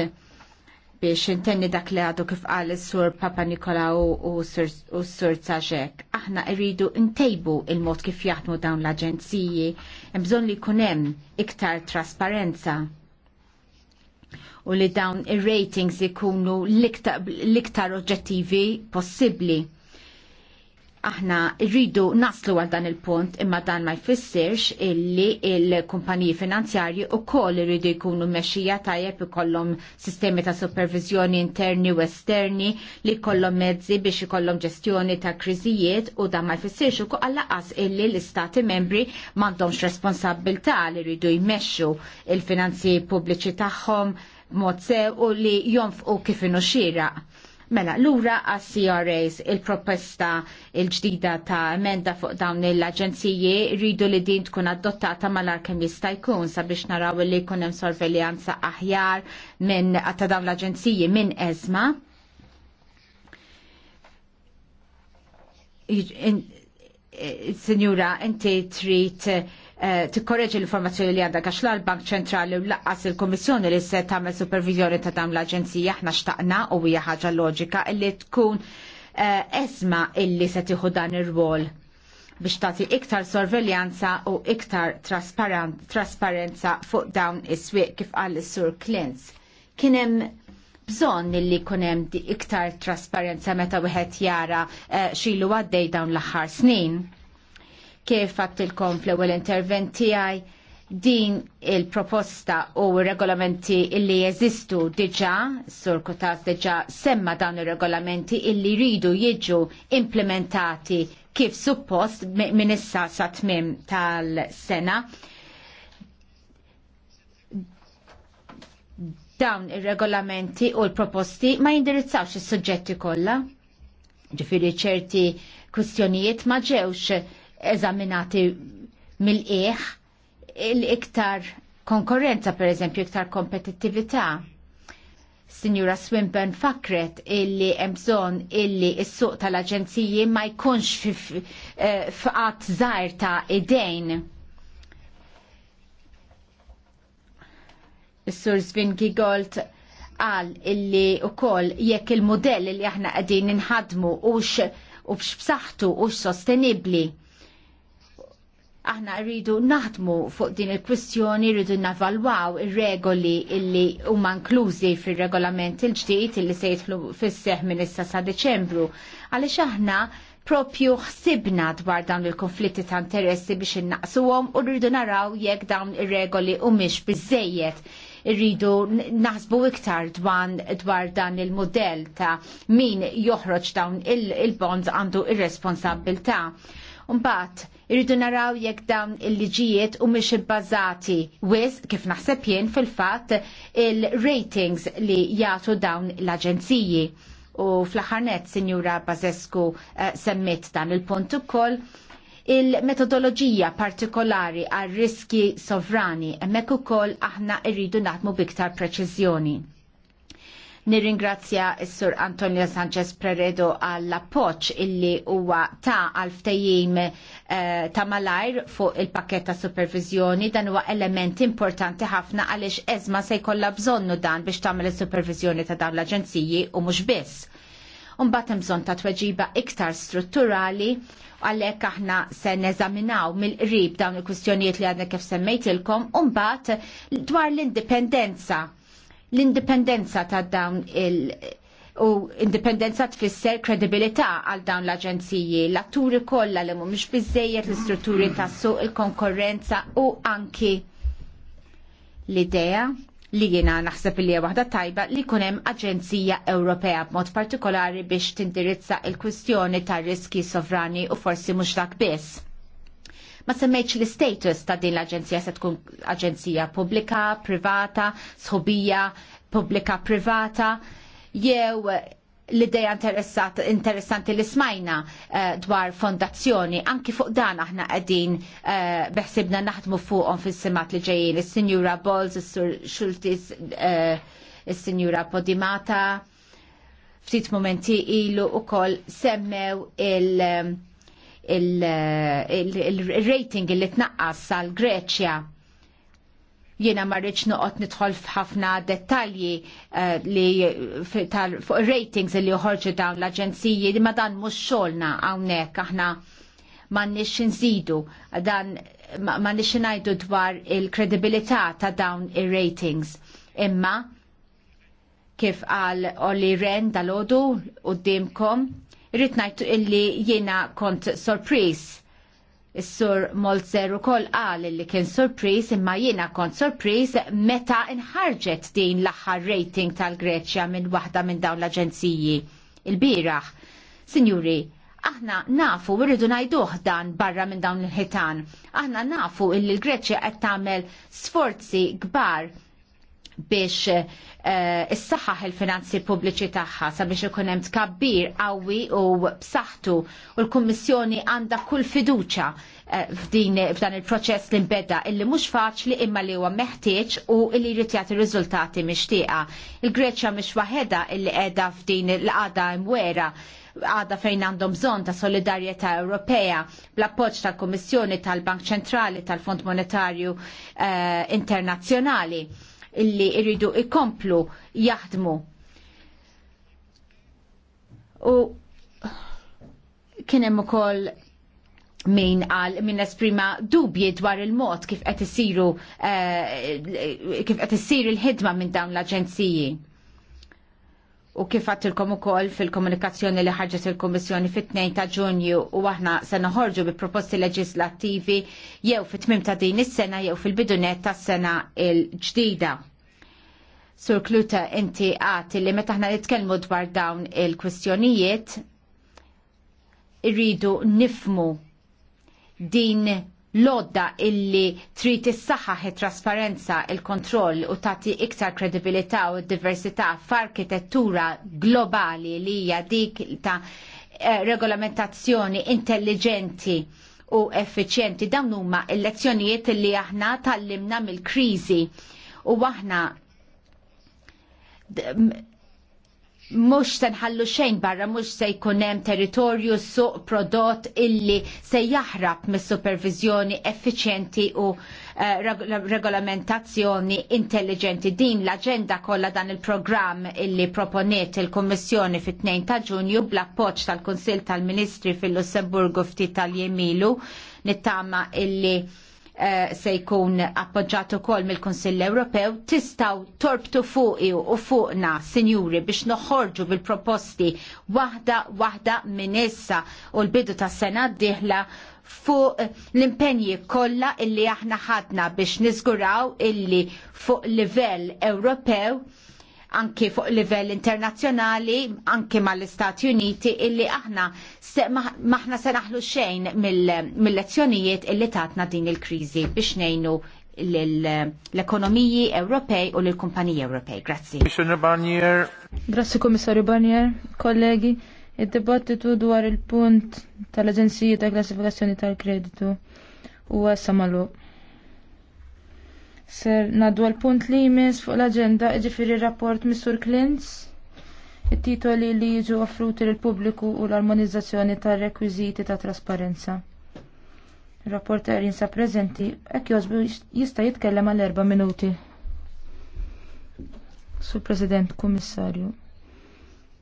biex intenni dak li għadu kif qal is-sur Papa Nikolaw u s-sur Zaġek. Aħna rridu ntejbu il-mod kif jaħdmu dawn l-aġenziji, hemm bżonn li jkun hemm iktar trasparenza u li dawn ir-ratings ikunu l-iktar oġġettivi possibbli. Aħna rridu naslu għal dan il-punt imma dan ma jfissirx illi il-kumpaniji finanzjarji u koll rridu jkunu meċija tajjeb ikollhom sistemi ta' supervizjoni interni u esterni li kollom mezzi biex ikollhom ġestjoni ta' kriżijiet u dan ma jfissirx ukoll għallaqas illi l-istati membri m'għandhomx responsabilità li rridu jmexxu il-finanzi pubbliċi tagħhom mod sew u li jonfqu kif inu xira. Mela, lura għas CRAs il-proposta il-ġdida ta' emenda fuq dawn l-aġenziji rridu li din tkun adottata mal-ar kem jista' jkun sabiex naraw li jkun hemm sorveljanza aħjar minn ta' dawn l-aġenziji minn ezma. Eh, Signora, inti trid Eh, tikkorreġi l-informazzjoni li għandha għax l-Bank Ċentrali u laqqas il kummissjoni li se tagħmel supervizjoni ta' dam l-Aġenzija aħna xtaqna u hija ħaġa loġika li tkun eh, esma illi se tieħu dan ir-rwol biex tagħti iktar sorveljanza u iktar trasparenza fuq dawn is-swieq kif qal is-Sur Klins. Kien hemm bżonn illi jkun hemm iktar trasparenza meta wieħed jara eh, xilu għaddej dawn l-aħħar snin Kif għattilkom fl-ewel intervent tijaj, din il-proposta u regolamenti illi jeżistu diġa, sur kutas diġa semma dawn il-regolamenti illi ridu jiġu implementati kif suppost minn issa sa tmim tal-sena. dawn ir-regolamenti u l-proposti ma jindirizzawx is-suġġetti kollha. Ġifiri ċerti kwistjonijiet ma ġewx eżaminati mill eħ l-iktar konkurrenza, per eżempju, iktar kompetittività. Signora Swimburn fakret illi emżon illi s-suq tal-aġenziji ma jkunx eh, fqat zaħir ta' idejn. Is-sur Zvinki Gold għal illi u koll jekk il-modell li aħna qegħdin inħadmu ux u b'saħħtu ux sostenibli aħna rridu naħdmu fuq din il-kwistjoni, rridu navalwaw il-regoli illi huma inklużi fil-regolament il-ġdid illi se jitħlu fis-seħ minn issa sa' Deċembru. Għaliex aħna propju ħsibna dwar dawn il-konflitti ta' interessi biex innaqsuhom u rridu naraw jekk dawn ir-regoli humiex biżejjed irridu naħsbu iktar dwar dan il-modell ta' min joħroġ dawn il-bonds għandu ir-responsabilta. Mbagħad Irridu naraw jekk dawn il-liġijiet u mhix ibbażati wis kif naħseb jien fil-fatt il-ratings li jagħtu dawn l-aġenziji. U fl-aħħar nett, Sinjura Bazescu eh, semmit dan il-punt ukoll, il-metodoloġija partikolari għal riski sovrani hemmhekk ukoll aħna rridu naħdmu biktar preċiżjoni. Nirringrazzja s-Sur Antonio Sanchez Preredo għall appoġġ illi huwa ta' għal ftejjim Eh, ta' malajr fuq il-pakket ta' supervizjoni dan huwa element importanti ħafna għaliex eżma se jkollha bżonnu dan biex tagħmel is-supervizjoni ta' dawn l-aġenziji u mhux biss. Imbagħad hemm bżonn ta' tweġiba iktar strutturali għalhekk aħna se neżaminaw mill-qrib dawn il-kwistjonijiet li għadna kif semmejtilkom u mbagħad dwar l-indipendenza l-indipendenza ta' dawn il- u indipendenza tfisser kredibilità għal dawn l-aġenziji, l-atturi kollha li mhumiex biżejjed l-istrutturi tas-suq il-konkurrenza u anki l-idea li jiena naħseb li hija waħda tajba li jkun hemm aġenzija Ewropea b'mod partikolari biex tindirizza il-kwistjoni tar riski sovrani u forsi mhux dak biss. Ma semmejtx l-status ta' din l-aġenzija se tkun aġenzija pubblika, privata, sħubija, pubblika, privata, jew l-ideja interessanti li smajna eh, dwar fondazzjoni, anki fuq dan aħna għedin eh, beħsibna naħdmu fuqhom fis-simat li ġejjin, is-Sinjura Bolz, is-Sur Schultis, uh, eh, is-Sinjura Podimata, ftit momenti ilu u koll semmew il- il-rating il, li tnaqqas għal Greċja Jiena ma rridx noqgħod nidħol f'ħafna dettalji eh, li fuq ratings li joħorġu dawn l-aġenziji, li ma dan mhux xogħolna hawnhekk aħna m'għandniex inżidu dan m'għandniex ingħidu dwar il-kredibilità ta' dawn ir-ratings. Imma kif għal Olli Ren dal-ħodu u d-dimkom, rritnajtu illi jena kont surprise. Is-sur Molzer ukoll qal li kien surpriż imma jiena kont surpriż meta inħarġet din l-aħħar rating tal-Greċja minn waħda minn dawn l-aġenziji il-bieraħ. Sinjuri, aħna nafu rridu ngħiduh dan barra minn dawn il-ħitan. Aħna nafu illi l-Greċja qed tagħmel sforzi kbar biex uh, issaħħaħ il-finanzi pubbliċi tagħha sabiex ikun hemm tkabbir qawwi u b'saħħtu u l-Kummissjoni għandha kull fiduċja uh, f'dan il-proċess li nbeda illi mhux faċli imma li huwa meħtieġ u li jrid jagħti riżultati mixtieqa. Il-Greċja mhix waħedha illi qiegħda f'din il-qagħda mwera għada fejn għandhom bżon ta' solidarjetà Ewropea bl-appoġġ tal-Kummissjoni tal-Bank Ċentrali tal-Fond Monetarju eh, Internazzjonali illi irridu ikomplu jaħdmu. U kien hemm ukoll min għal min esprima dubji dwar il-mod kif qed isiru uh, kif qed isir il-ħidma minn dawn l-aġenziji u kif għattilkom u koll fil-komunikazzjoni li ħarġet il-Komissjoni fit-2 ta' ġunju u aħna se noħorġu bi proposti leġislattivi jew fit-tmim ta' din is-sena jew fil-bidunet ta' sena il-ġdida. Sur Kluta, inti għati li meta ħna nitkellmu dwar dawn il-kwistjonijiet irridu nifmu din lodda illi trid issaħħaħ it-trasparenza, il-kontroll u tagħti iktar kredibilità u diversità f'arkitettura globali li hija dik ta' eh, regolamentazzjoni intelligenti u effiċjenti dawn huma l-lezzjonijiet li aħna tallimna mill-kriżi u aħna mux tenħallu xejn barra, mux se jkunem territorju suq prodott illi se jahrab mis supervizjoni effiċjenti u eh, regolamentazzjoni intelligenti. Din l-agenda kollha dan il-programm illi proponiet il-Kommissjoni fit-2 ta' Ġunju bl-appoġġ tal-Kunsill tal-Ministri fil-Lussemburgu ftit tal-Jemilu nittama illi Eh, se jkun appoġġat ukoll mill-Kunsill Ewropew tistgħu torbtu fuqi u fuqna, sinjuri, biex noħorġu bil-proposti waħda waħda minn issa u l-bidu tas sena d-dieħla fuq l-impenji kollha illi aħna ħadna biex niżguraw illi fuq livell Ewropew anki fuq livell internazzjonali, anki mal-Istati Uniti, illi aħna maħna se naħlu xejn mill-lezzjonijiet illi tatna din il-kriżi biex ngħinu l-ekonomiji Ewropej u l-kumpaniji Ewropej. Grazzi. Grazzi Komissarju Barnier, kollegi, id-dibattitu dwar il-punt tal-Aġenziji ta' Klassifikazzjoni tal-Kreditu u għasamalu. Ser naddu l-punt li jmiss fuq l-agenda iġifieri rapport Mr. Klintz. It-titoli li jiġu offruti lill pubbliku u l-armonizzazzjoni tar rekwiżiti ta' trasparenza. Rapporter jinsa prezenti, ek jozbu jista jitkellem għal erba minuti. Sur President, Kummissarju.